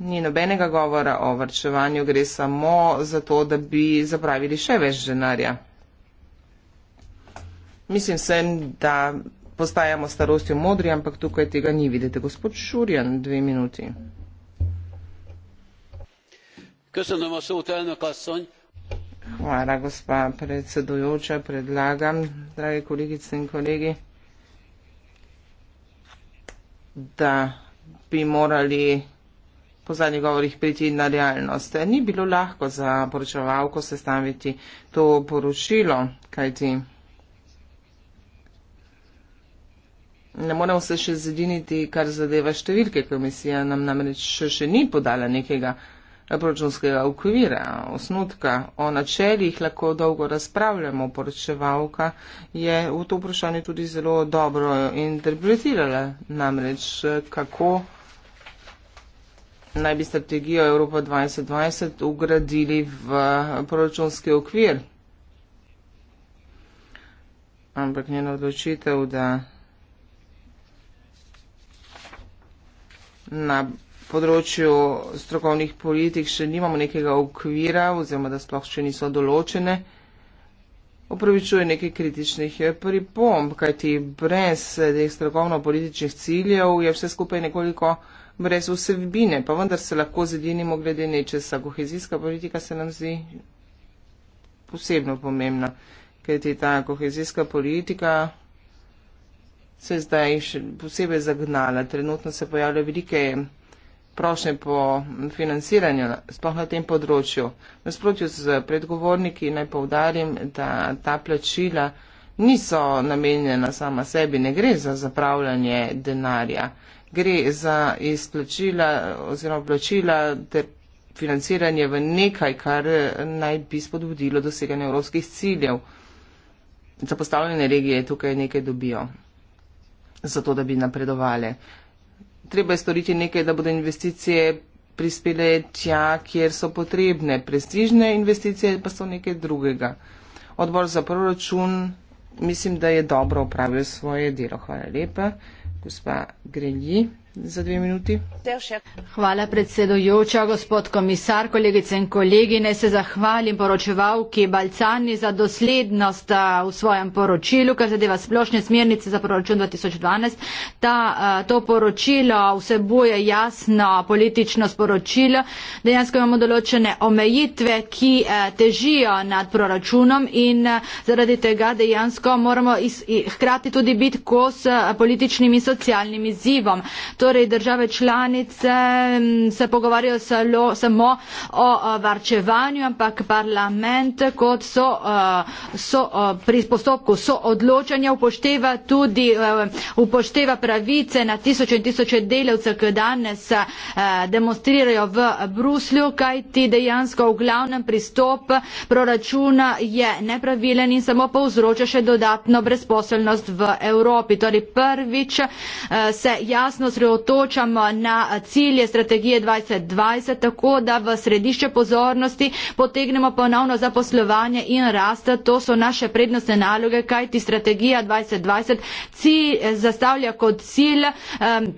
Ni nobenega govora o vrčevanju, gre samo za to, da bi zapravili še več denarja. Mislim sem, da postajamo starostjo modri, ampak tukaj tega ni. Vidite, gospod Šurjan, dve minuti. Köszönöm a szót, elnök asszony! Hvala, gospa predsedujoča, predlagam, dragi kolegice in kolegi, da bi morali po zadnjih govorih priti na realnost. Ni bilo lahko za poročevalko sestaviti to poročilo, kajti ne moremo se še zediniti, kar zadeva številke komisije, nam namreč še, še ni podala nekega proračunskega okvira, osnutka, o načeljih lahko dolgo razpravljamo, poročevalka je v to vprašanje tudi zelo dobro interpretirala namreč, kako naj bi strategijo Evropa 2020 ugradili v proračunski okvir. Ampak njena odločitev, da na področju strokovnih politik še nimamo nekega okvira oziroma da sploh še niso določene, upravičuje nekaj kritičnih eh, pripomb, kajti brez eh, teh strokovno-političnih ciljev je vse skupaj nekoliko brez vsebine, pa vendar se lahko zedinimo glede nečesa. Kohezijska politika se nam zdi posebno pomembna, kajti ta kohezijska politika se je zdaj še posebej zagnala. Trenutno se pojavljajo velike prošnje po financiranju, sploh na tem področju. Nasprotju z predgovorniki naj povdarim, da ta plačila niso namenjena sama sebi, ne gre za zapravljanje denarja, gre za izplačila oziroma plačila ter financiranje v nekaj, kar naj bi spodbudilo doseganje evropskih ciljev. Zapostavljene regije tukaj nekaj dobijo, zato da bi napredovali treba je storiti nekaj, da bodo investicije prispele tja, kjer so potrebne. Prestižne investicije pa so nekaj drugega. Odbor za proračun mislim, da je dobro upravil svoje delo. Hvala lepa, gospa Grelji za dve minuti. Hvala predsedujoča, gospod komisar, kolegice in kolegi. Ne se zahvalim poročevalki Balcani za doslednost v svojem poročilu, kar zadeva splošne smernice za proračun 2012. Ta, to poročilo vsebuje jasno politično sporočilo. Dejansko imamo določene omejitve, ki težijo nad proračunom in zaradi tega dejansko moramo iz, hkrati tudi biti kos političnim in socialnim izzivom. Torej, države članice mm, se pogovarjajo salo, samo o varčevanju, ampak parlament kot so, eh, so eh, pri postopku so odločanja upošteva tudi eh, upošteva pravice na tisoče in tisoče delavcev, ki danes demonstrirajo v Bruslju, kaj ti dejansko v glavnem pristop proračuna je nepravilen in samo povzroča še dodatno brezposelnost v Evropi. Torej, prvič se jasno sredo osredotočamo na cilje strategije 2020, tako da v središče pozornosti potegnemo ponovno zaposlovanje in rast. To so naše prednostne naloge, kajti strategija 2020 cilj, zastavlja kot cilj. Um,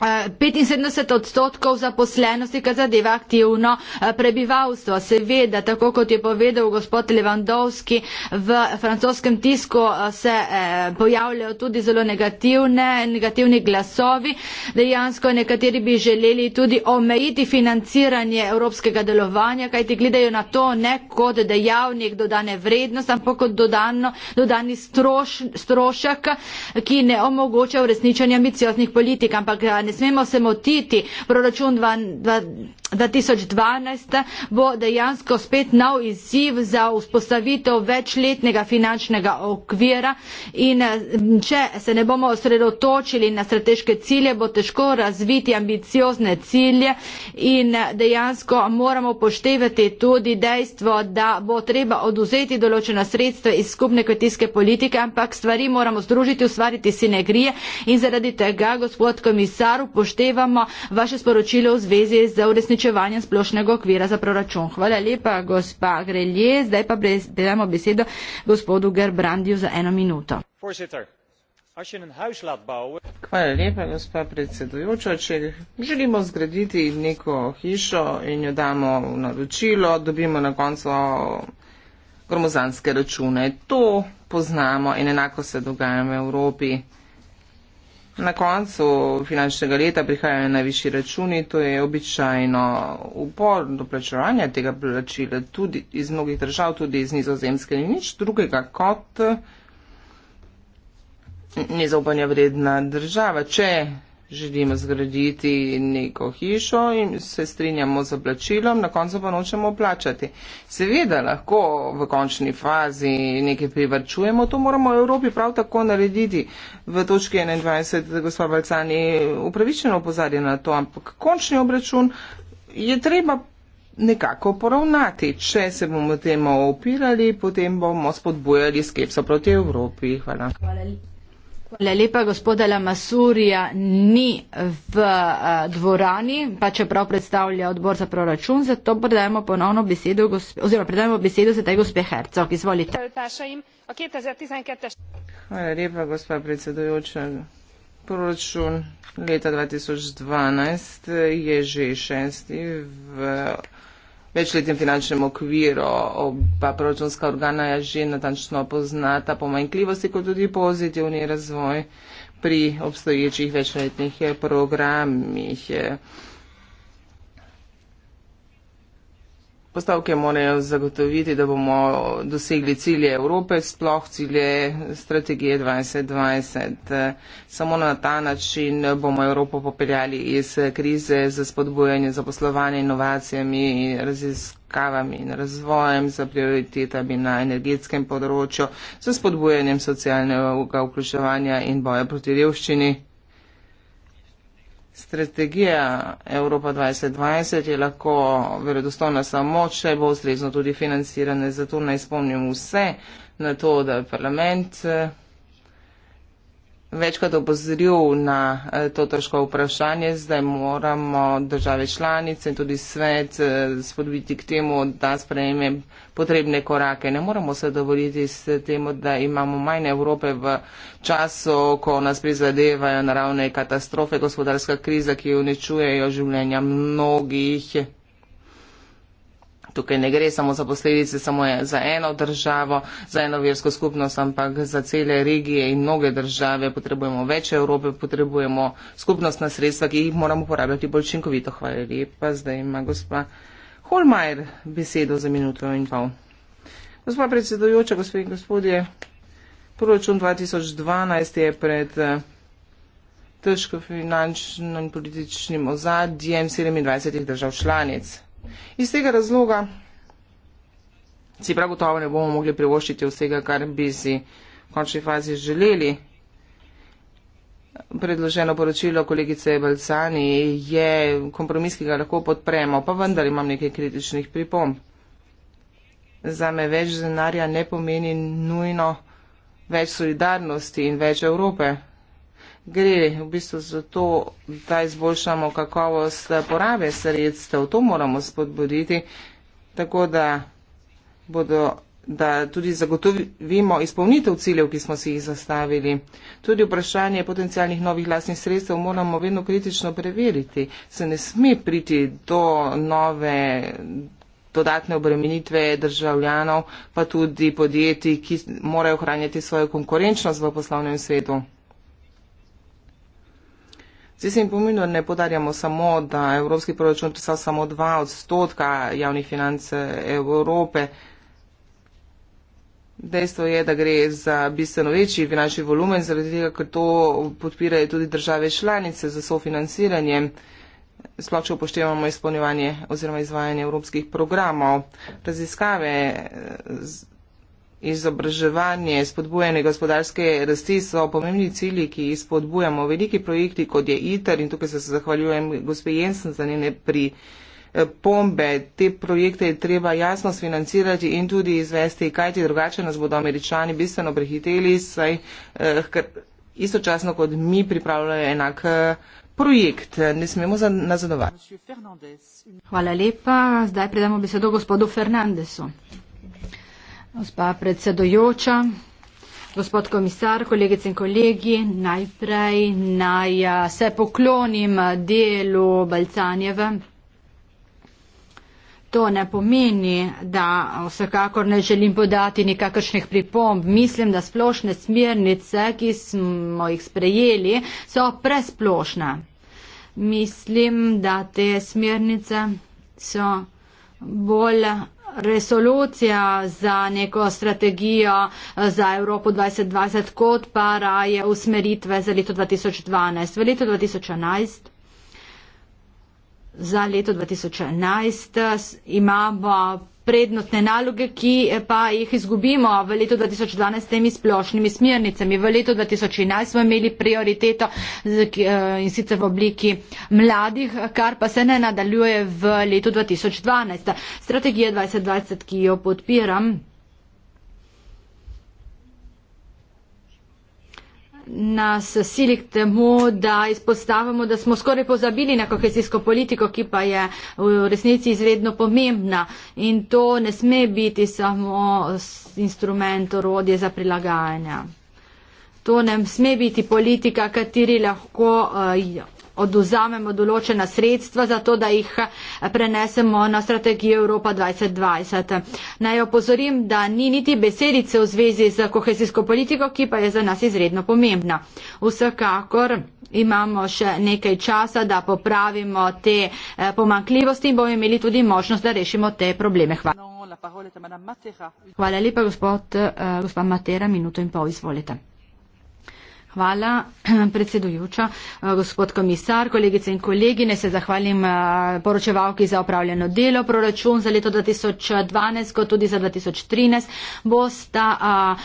75 eh, odstotkov zaposlenosti, kar zadeva aktivno eh, prebivalstvo. Seveda, tako kot je povedal gospod Levandovski, v francoskem tisku eh, se pojavljajo tudi zelo negativne, negativni glasovi. Dejansko nekateri bi želeli tudi omejiti financiranje evropskega delovanja, kaj ti gledajo na to ne kot dejavnik dodane vrednost, ampak kot dodano, dodani stroš, strošek, ki ne omogoča uresničanje ambicioznih politik. Ampak, ne ne smemo se motiti, proračun dva, dva, 2012 bo dejansko spet nov izziv za vzpostavitev večletnega finančnega okvira in mm, če se ne bomo osredotočili na strateške cilje, bo težko razviti ambiciozne cilje in dejansko moramo poštevati tudi dejstvo, da bo treba oduzeti določena sredstva iz skupne kvetijske politike, ampak stvari moramo združiti, ustvariti sinergije in zaradi tega, gospod komisar, upoštevamo vaše sporočilo v zvezi z uresničenjem uresničevanja splošnega okvira za proračun. Hvala lepa, gospa Grelje. Zdaj pa predamo besedo gospodu Gerbrandiju za eno minuto. Hvala lepa, gospa predsedujoča. Če želimo zgraditi neko hišo in jo damo v naročilo, dobimo na koncu gromozanske račune. To poznamo in enako se dogaja v Evropi. Na koncu finančnega leta prihajajo najvišji računi, to je običajno upor do plačevanja tega plačila tudi iz mnogih držav, tudi iz nizozemske in nič drugega kot nezaupanja vredna država. Če želimo zgraditi neko hišo in se strinjamo z oblačilom, na koncu pa nočemo plačati. Seveda lahko v končni fazi nekaj privrčujemo, to moramo v Evropi prav tako narediti. V točki 21. gospod Balcani upravičeno opozarja na to, ampak končni obračun je treba nekako poravnati. Če se bomo temu opirali, potem bomo spodbujali skepso proti Evropi. Hvala. Hvala. Hvala lepa, gospoda Lamasurija ni v eh, dvorani, pa čeprav predstavlja odbor za proračun, zato predajamo ponovno besedo, oziroma predajamo besedo za tega gospe Hercog. Izvolite. Hvala lepa, gospa predsedojoča. Proračun leta 2012 je že šesti v večletnem finančnem okviru oba proračunska organa ja že natančno poznata pomanjkljivosti, kot tudi pozitivni razvoj pri obstoječih večletnih programih. postavke morajo zagotoviti, da bomo dosegli cilje Evrope, sploh cilje strategije 2020. Samo na ta način bomo Evropo popeljali iz krize za spodbojanje zaposlovanja inovacijami in raziskavami in razvojem, za prioritetami na energetskem področju, za spodbojanjem socialnega vključevanja in boja proti revščini strategija Evropa 2020 je lahko verodostojna samo, če bo ustrezno tudi financirana. Zato naj spomnim vse na to, da parlament večkrat obozril na eh, to težko vprašanje, zdaj moramo države članice in tudi svet eh, spodbiti k temu, da sprejeme potrebne korake. Ne moramo se dovoliti s tem, da imamo manj Evrope v času, ko nas prizadevajo naravne katastrofe, gospodarska kriza, ki uničujejo življenja mnogih Tukaj ne gre samo za posledice, samo za eno državo, za eno versko skupnost, ampak za cele regije in mnoge države. Potrebujemo več Evrope, potrebujemo skupnostna sredstva, ki jih moramo uporabljati bolj učinkovito. Hvala lepa. Zdaj ima gospa Holmajer besedo za minuto in pol. Gospa predsedujoča, gospod in gospodje, proračun 2012 je pred eh, težko finančnim in političnim ozadjem 27 držav članic. Iz tega razloga si prav gotovo ne bomo mogli privoščiti vsega, kar bi si v končni fazi želeli. Predloženo poročilo kolegice Balcani je kompromis, ki ga lahko podpremo, pa vendar imam nekaj kritičnih pripomb. Za me več denarja ne pomeni nujno več solidarnosti in več Evrope gre v bistvu za to, da izboljšamo kakovost porabe sredstev. To moramo spodbuditi, tako da, bodo, da tudi zagotovimo izpolnitev ciljev, ki smo si jih zastavili. Tudi vprašanje potencijalnih novih lasnih sredstev moramo vedno kritično preveriti. Se ne sme priti do nove dodatne obremenitve državljanov, pa tudi podjetij, ki morajo ohranjati svojo konkurenčnost v poslovnem svetu. Zdaj se jim pomeni, da ne podarjamo samo, da evropski proračun presa samo 2 odstotka javnih financ eh, Evrope. Dejstvo je, da gre za bistveno večji finančni volumen, zaradi tega, ker to podpirajo tudi države članice za sofinanciranje, sploh če upoštevamo izpolnjevanje oziroma izvajanje evropskih programov. Raziskave eh, Izobraževanje, spodbujanje gospodarske rasti so pomembni cilji, ki jih spodbujamo. Veliki projekti, kot je ITER in tukaj se zahvaljujem gospe Jensen za njene pri eh, pombe. Te projekte je treba jasno sfinancirati in tudi izvesti, kajti drugače nas bodo američani bistveno prehiteli, saj eh, kar, istočasno kot mi pripravljajo enak eh, projekt. Ne smemo za, nazadovati. Hvala lepa. Zdaj predamo besedo gospodu Fernandesu. Gospa predsedojoča, gospod komisar, kolegice in kolegi, najprej naj se poklonim delu Balcanjeve. To ne pomeni, da vsekakor ne želim podati nikakršnih pripomb. Mislim, da splošne smernice, ki smo jih sprejeli, so presplošne. Mislim, da te smernice so bolj resolucija za neko strategijo eh, za Evropo 2020, kot pa raje usmeritve za leto 2012. V leto 2011 za leto 2011 imamo prednostne naloge, ki eh, pa jih izgubimo v letu 2012 s temi splošnimi smernicami. V letu 2011 smo imeli prioriteto eh, in sicer v obliki mladih, kar pa se ne nadaljuje v letu 2012. Strategija 2020, ki jo podpiram. nas sili k temu, da izpostavimo, da smo skoraj pozabili na kohezijsko politiko, ki pa je v resnici izredno pomembna in to ne sme biti samo instrument orodje za prilagajanje. To ne sme biti politika, kateri lahko uh, oduzamemo določena sredstva za to, da jih eh, prenesemo na strategijo Evropa 2020. Naj opozorim, da ni niti besedice v zvezi z kohezijsko politiko, ki pa je za nas izredno pomembna. Vsekakor imamo še nekaj časa, da popravimo te eh, pomankljivosti in bomo imeli tudi možnost, da rešimo te probleme. Hvala. No, Hvala lepa, gospod, uh, eh, gospod Matera, minuto in pol izvolite. Hvala, predsedujoča, eh, gospod komisar, kolegice in kolegi. Ne se zahvalim eh, poročevalki za opravljeno delo. Proračun za leto 2012, kot tudi za 2013, bosta. Eh,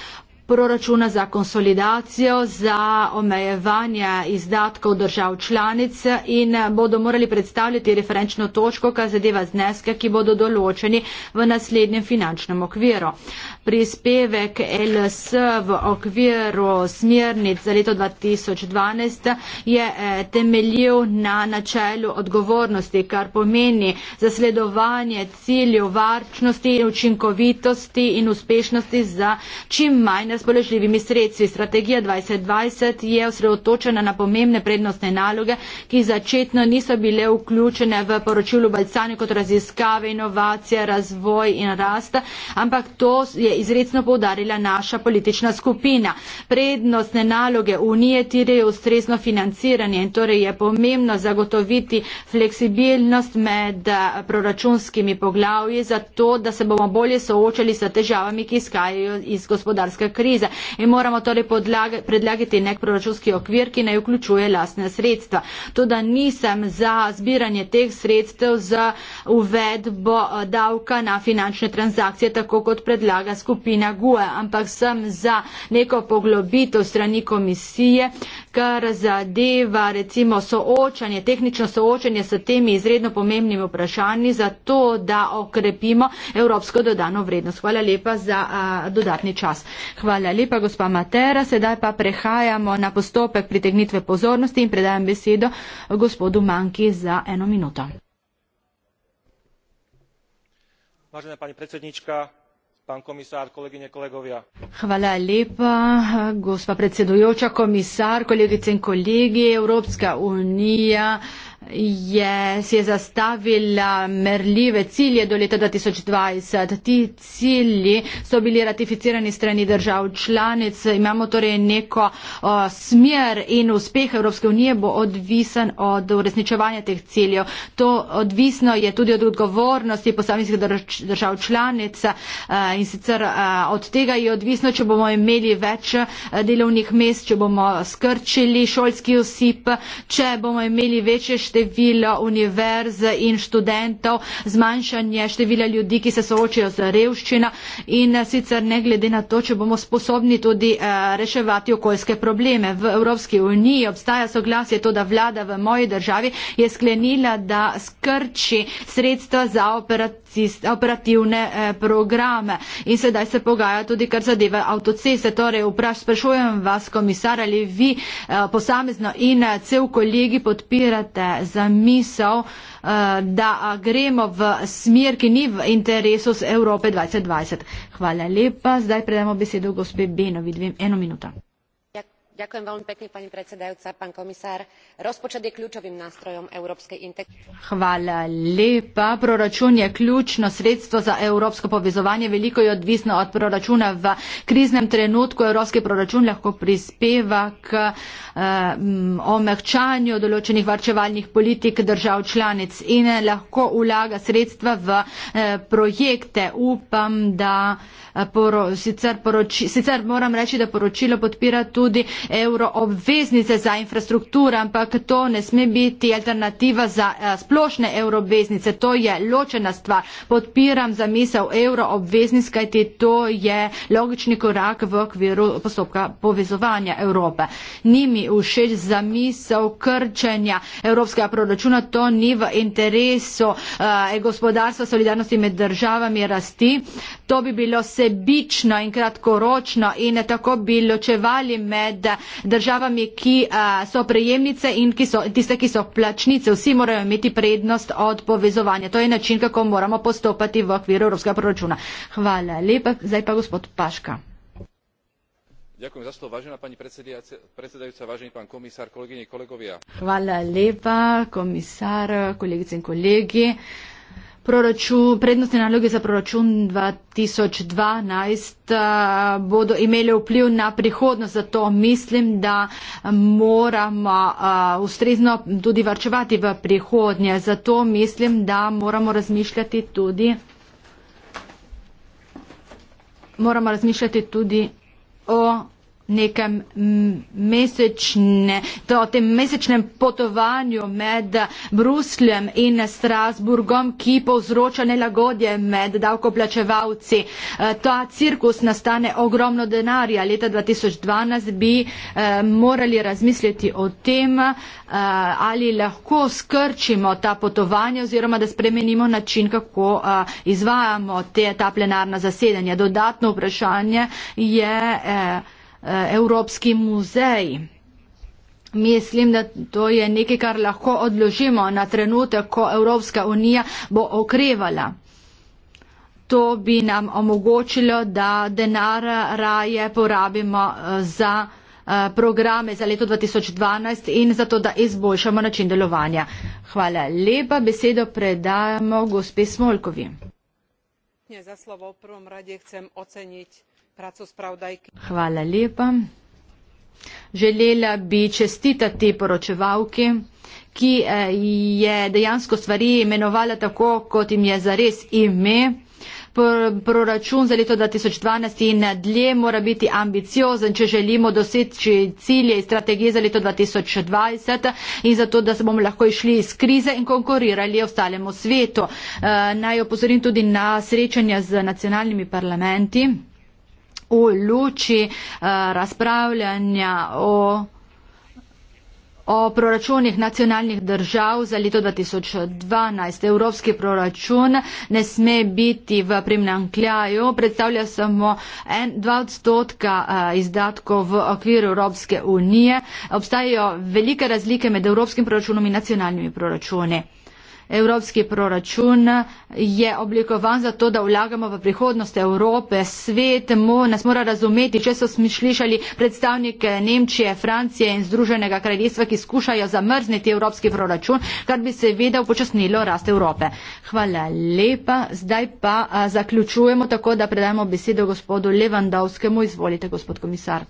proračuna za konsolidacijo, za omejevanje izdatkov držav članic in bodo morali predstavljati referenčno točko, kar zadeva zneske, ki bodo določeni v naslednjem finančnem okviru. Uh, prispevek LS v okviru smernic za leto 2012 je eh, temeljil na načelu odgovornosti, kar pomeni zasledovanje cilju varčnosti, učinkovitosti in uspešnosti za čim manj razpoložljivimi sredstvi. Strategija 2020 je osredotočena na pomembne prednostne naloge, ki začetno niso bile vključene v poročilu Balcani kot raziskave, inovacije, razvoj in rasta, ampak to je izredno povdarila naša politična skupina. Prednostne naloge unije tirejo ustrezno financiranje in torej je pomembno zagotoviti fleksibilnost med eh, proračunskimi poglavji za to, da se bomo bolje soočali s težavami, ki izhajajo iz gospodarske krize. In moramo torej predlagati nek proračunski okvir, ki naj vključuje lasne sredstva. Tudi nisem za zbiranje teh sredstev za uvedbo eh, davka na finančne transakcije, tako kot predlaga skupina skupina GUE, ampak sem za neko poglobitev strani komisije, kar zadeva recimo soočanje, tehnično soočanje s temi izredno pomembnimi vprašanji, zato da okrepimo evropsko dodano vrednost. Hvala lepa za a, dodatni čas. Hvala lepa, gospa Matera. Sedaj pa prehajamo na postopek pritegnitve pozornosti in predajam besedo gospodu Manki za eno minuto. Vážená pani predsednička, Pan komisar, kolegine, kolegovja. Hvala lepa, gospa predsedujoča, komisar, kolegice in kolegi, Evropska unija je, si je zastavila merljive cilje do leta 2020. Ti cilji so bili ratificirani strani držav članic. Imamo torej neko o, smer in uspeh Evropske unije bo odvisen od uresničevanja teh ciljev. To odvisno je tudi od odgovornosti posameznih držav članic a, e, in sicer a, e, od tega je odvisno, če bomo imeli več e, delovnih mest, če bomo skrčili šolski osip, če bomo imeli večje število število univerz in študentov, zmanjšanje števila ljudi, ki se soočajo z revščino in eh, sicer ne glede na to, če bomo sposobni tudi eh, reševati okoljske probleme. V Evropski uniji obstaja soglasje to, da vlada v moji državi je sklenila, da skrči sredstva za operativnost akcijs, operativne eh, programe in sedaj se pogaja tudi, kar zadeva avtoceste. Torej, vpraš, sprašujem vas, komisar, ali vi eh, posamezno in eh, cel kolegi podpirate za misel, eh, da gremo v smer, ki ni v interesu z Evrope 2020. Hvala lepa. Zdaj predamo besedo gospe Beno. Vidim eno minuto rozpočet je kľúčovým nástrojom európskej integrácie. proračun je kľúčno sredstvo za európsko povezovanie veliko je odvisno od proračuna v kríznom trenutku európsky proračun lahko prispeva k um, omehčanju določenih varčevalnih politik držav članic in lahko vlaga sredstva v uh, projekte upam da eh, poro, sicer, poroči, sicer moram reči da poročilo podpira tudi uh, evrov obveznice za infrastrukturo, ampak to ne sme biti alternativa za eh, splošne evrov obveznice. To je ločena stvar. Podpiram zamisel evrov obveznic, kajti to je logični korak v okviru postopka povezovanja Evrope. Ni mi všeč zamisel krčenja evropskega proračuna, to ni v interesu eh, gospodarstva, solidarnosti med državami rasti. To bi bilo sebično in kratkoročno in tako bi ločevali med državami, ki a, so prejemnice in ki so, tiste, ki so plačnice. Vsi morajo imeti prednost od povezovanja. To je način, kako moramo postopati v okviru evropskega proračuna. Hvala lepa. Zdaj pa gospod Paška. Ďakujem za slovo, vážená pani predsedajúca, vážený pán komisár, kolegyne, kolegovia. Hvala lepa, komisár, kolegice in kolegi. Uh, proračun, prednostne naloge za proračun 2012 eh, bodo imele vpliv na prihodnost, zato mislim, da moramo eh, ustrezno tudi varčevati v prihodnje. Zato mislim, da moramo razmišljati tudi, moramo razmišljati tudi o nekem mesečne, to, tem mesečnem potovanju med Brusljem in Strasburgom, ki povzroča nelagodje med davkoplačevalci. Eh, ta cirkus nastane ogromno denarja. Leta 2012 bi eh, morali razmisliti o tem, eh, ali lahko skrčimo ta potovanja oziroma da spremenimo način, kako izvajamo te, ta plenarna zasedanja. Dodatno vprašanje je, Eh, Evropski muzej. Mislim, da to je nekaj, kar lahko odložimo na trenutek, ko Evropska unija bo okrevala. To bi nam omogočilo, da denar raje porabimo eh, za eh, programe za leto 2012 in za to, da izboljšamo način delovanja. Hvala lepa. Besedo predajamo gospe Smolkovi. Za slovo v prvem radi chcem oceniti prácu spravodajky. Hvala lepa. Želela bi čestitati poročevalki ki eh, je dejansko stvari imenovala tako, kot jim je zares ime. Proračun za leto 2012 in dlje mora biti ambiciozen, če želimo doseči cilje in strategije za leto 2020 in zato, da se bomo lahko išli iz krize in konkurirali ostalemu svetu. Eh, naj opozorim tudi na srečanja z nacionalnimi parlamenti v luči eh, razpravljanja o o proračunih nacionalnih držav za leto 2012. Evropski proračun ne sme biti v primankljaju, predstavlja samo 2 odstotka eh, izdatkov v okviru Evropske unije. Obstajajo velike razlike med evropskim proračunom in nacionalnimi proračuni. Evropski proračun je oblikovan za to, da vlagamo v prihodnost Evrope. Svet mo, nas mora razumeti, če so smišljali predstavnike Nemčije, Francije in Združenega kraljestva, ki skušajo zamrzniti evropski proračun, kar bi seveda upočasnilo rast Evrope. Hvala lepa. Zdaj pa a, zaključujemo tako, da predajmo besedo gospodu Levandovskemu. Izvolite, gospod komisar.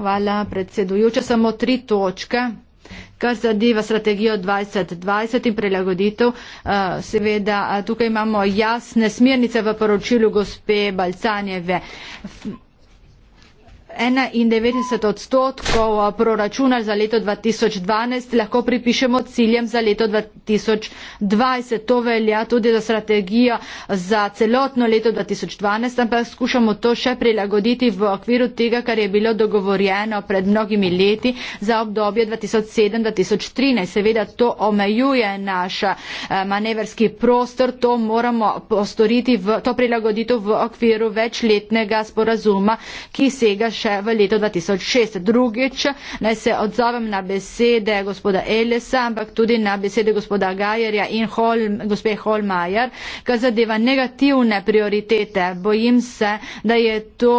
Hvala predsedujoče. Samo tri točke. Kar zadeva strategijo 2020 in prilagoditev, eh, seveda eh, tukaj imamo jasne smernice v poročilu gospe Balcanjeve. 91 odstotkov eh, proračuna za leto 2012 lahko pripišemo ciljem za leto 2020. To velja tudi za strategijo za celotno leto 2012, ampak skušamo to še prilagoditi v okviru tega, kar je bilo dogovorjeno pred mnogimi leti za obdobje 2007-2013. Seveda to omejuje naš eh, manevrski prostor, to moramo postoriti v to prilagoditev v okviru večletnega sporazuma, ki sega še v letu 2006. Drugič, naj se odzovem na besede gospoda Elisa, ampak tudi na besede gospoda Gajerja in Holm, gospe Holmajer, kar zadeva negativne prioritete. Bojim se, da je to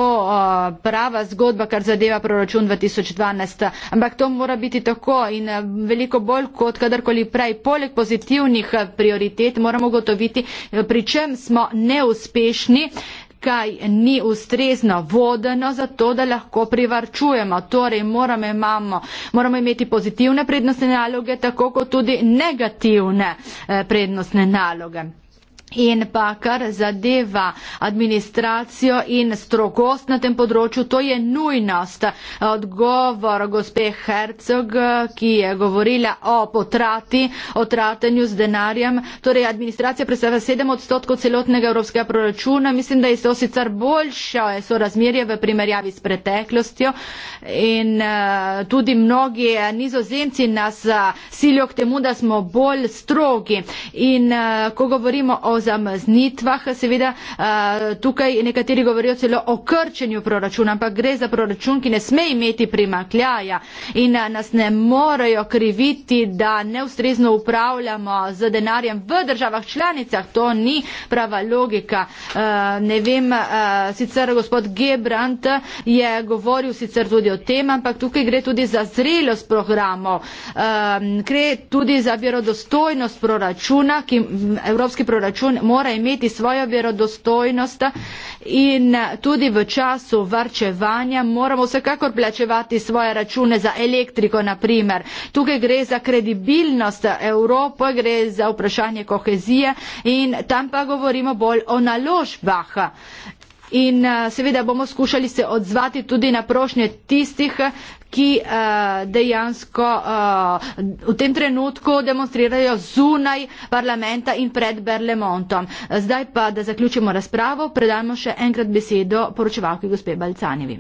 prava zgodba, kar zadeva proračun 2012. Ampak to mora biti tako in e, veliko bolj kot kadarkoli prej. Poleg pozitivnih e, prioritet moramo gotoviti, pri čem smo neuspešni kaj ni ustrezno vodeno, zato da lahko privarčujemo. Torej moramo, imamo, moramo imeti pozitivne prednostne naloge, tako kot tudi negativne eh, prednostne naloge. In pa kar zadeva administracijo in strokost na tem področju, to je nujnost. Odgovor gospe Herceg, ki je govorila o potrati, o tratenju z denarjem. Torej, administracija predstavlja 7 odstotkov celotnega evropskega proračuna. Mislim, da je to sicer boljše sorazmerje v primerjavi s preteklostjo. In uh, tudi mnogi eh, nizozemci nas uh, silijo k temu, da smo bolj strogi. In uh, ko govorimo o zamrznitvah. Seveda eh, tukaj nekateri govorijo celo o krčenju proračuna, ampak gre za proračun, ki ne sme imeti primakljaja in eh, nas ne morejo kriviti, da neustrezno upravljamo z denarjem v državah članicah. To ni prava logika. Eh, ne vem, sicer gospod Gebrant je govoril sicer tudi o tem, ampak tukaj gre tudi za zrelost programov. Gre tudi za verodostojnost proračuna, ki, evropski proračun proračun mora imeti svojo verodostojnost in tudi v času varčevanja moramo vsekakor plačevati svoje račune za elektriko, na primer. Tukaj gre za kredibilnost Evrope, gre za vprašanje kohezije in tam pa govorimo bolj o naložbah. In eh, seveda bomo skušali se odzvati tudi na prošnje tistih, ki uh, dejansko uh, v tem trenutku demonstrirajo zunaj parlamenta in pred Berlemontom. Zdaj pa, da zaključimo razpravo, predajmo še enkrat besedo poročevalki gospe Balcanjevi.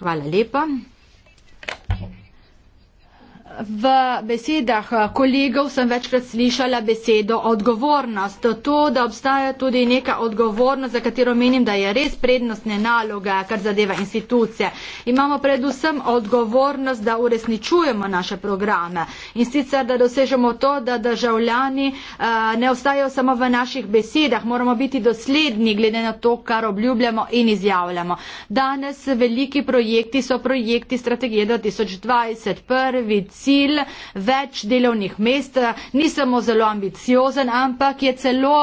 Hvala lepa. V besedah eh, kolegov sem večkrat slišala besedo odgovornost. To, da obstaja tudi neka odgovornost, za katero menim, da je res prednostne naloga, kar zadeva institucije. Imamo predvsem odgovornost, da uresničujemo naše programe in sicer, da dosežemo to, da državljani uh, ne ostajajo samo v naših besedah. Moramo biti dosledni glede na to, kar obljubljamo in izjavljamo. Danes veliki projekti so projekti strategije 2021. Prvi cilj, več delovnih mest, ni samo zelo ambiciozen, ampak je celo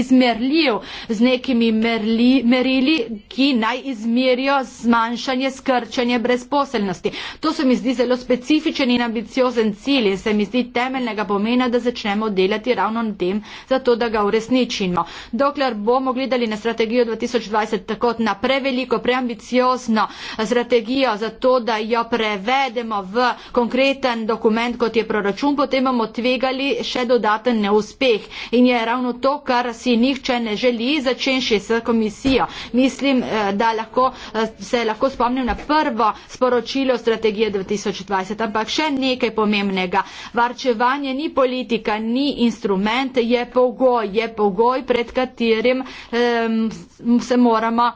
izmerljiv z nekimi merli, merili, ki naj izmerijo zmanjšanje, skrčanje brezposelnosti. To se mi zdi zelo specifičen in ambiciozen cilj in se mi zdi temeljnega pomena, da začnemo delati ravno na tem, zato da ga uresničimo. Dokler bomo gledali na strategijo 2020 tako na preveliko, preambiciozno strategijo, zato da jo prevedemo v konkreten dokument, kot je proračun, potem bomo tvegali še dodaten neuspeh. In je ravno to, kar si nihče ne želi, začenši s komisijo. Mislim, eh, da lahko, eh, se lahko spomnim na prvo sporočilo strategije 2020, ampak še nekaj pomembnega. Varčevanje ni politika, ni instrument, je pogoj, je pogoj, pred katerim um, se moramo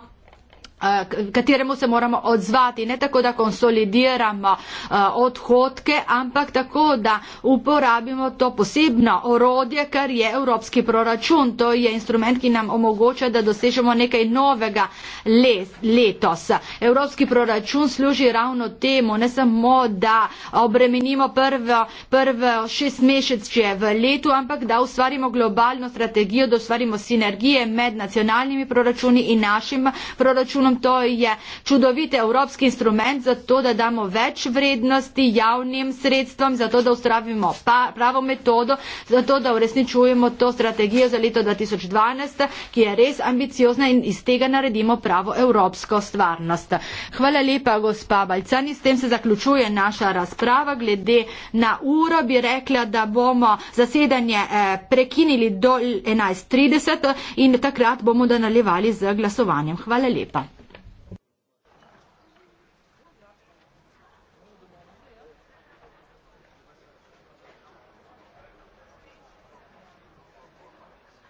Eh, kateremu se moramo odzvati, ne tako, da konsolidiramo eh, odhodke, ampak tako, da uporabimo to posebno orodje, kar je evropski proračun. To je instrument, ki nam omogoča, da dosežemo nekaj novega letos. Evropski proračun služi ravno temu, ne samo, da obremenimo prvo, prvo šest mesečje v letu, ampak da ustvarimo globalno strategijo, da ustvarimo sinergije med nacionalnimi proračuni in našim proračunom proračun, to je čudovit evropski instrument za to, da damo več vrednosti javnim sredstvom, za to, da ustravimo pravo metodo, za to, da uresničujemo to strategijo za leto 2012, ki je res ambiciozna in iz tega naredimo pravo evropsko stvarnost. Hvala lepa, gospa Balcani, s tem se zaključuje naša razprava. Glede na uro bi rekla, da bomo zasedanje eh, prekinili do 11.30 in takrat bomo da nalivali z glasovanjem. Hvala lepa.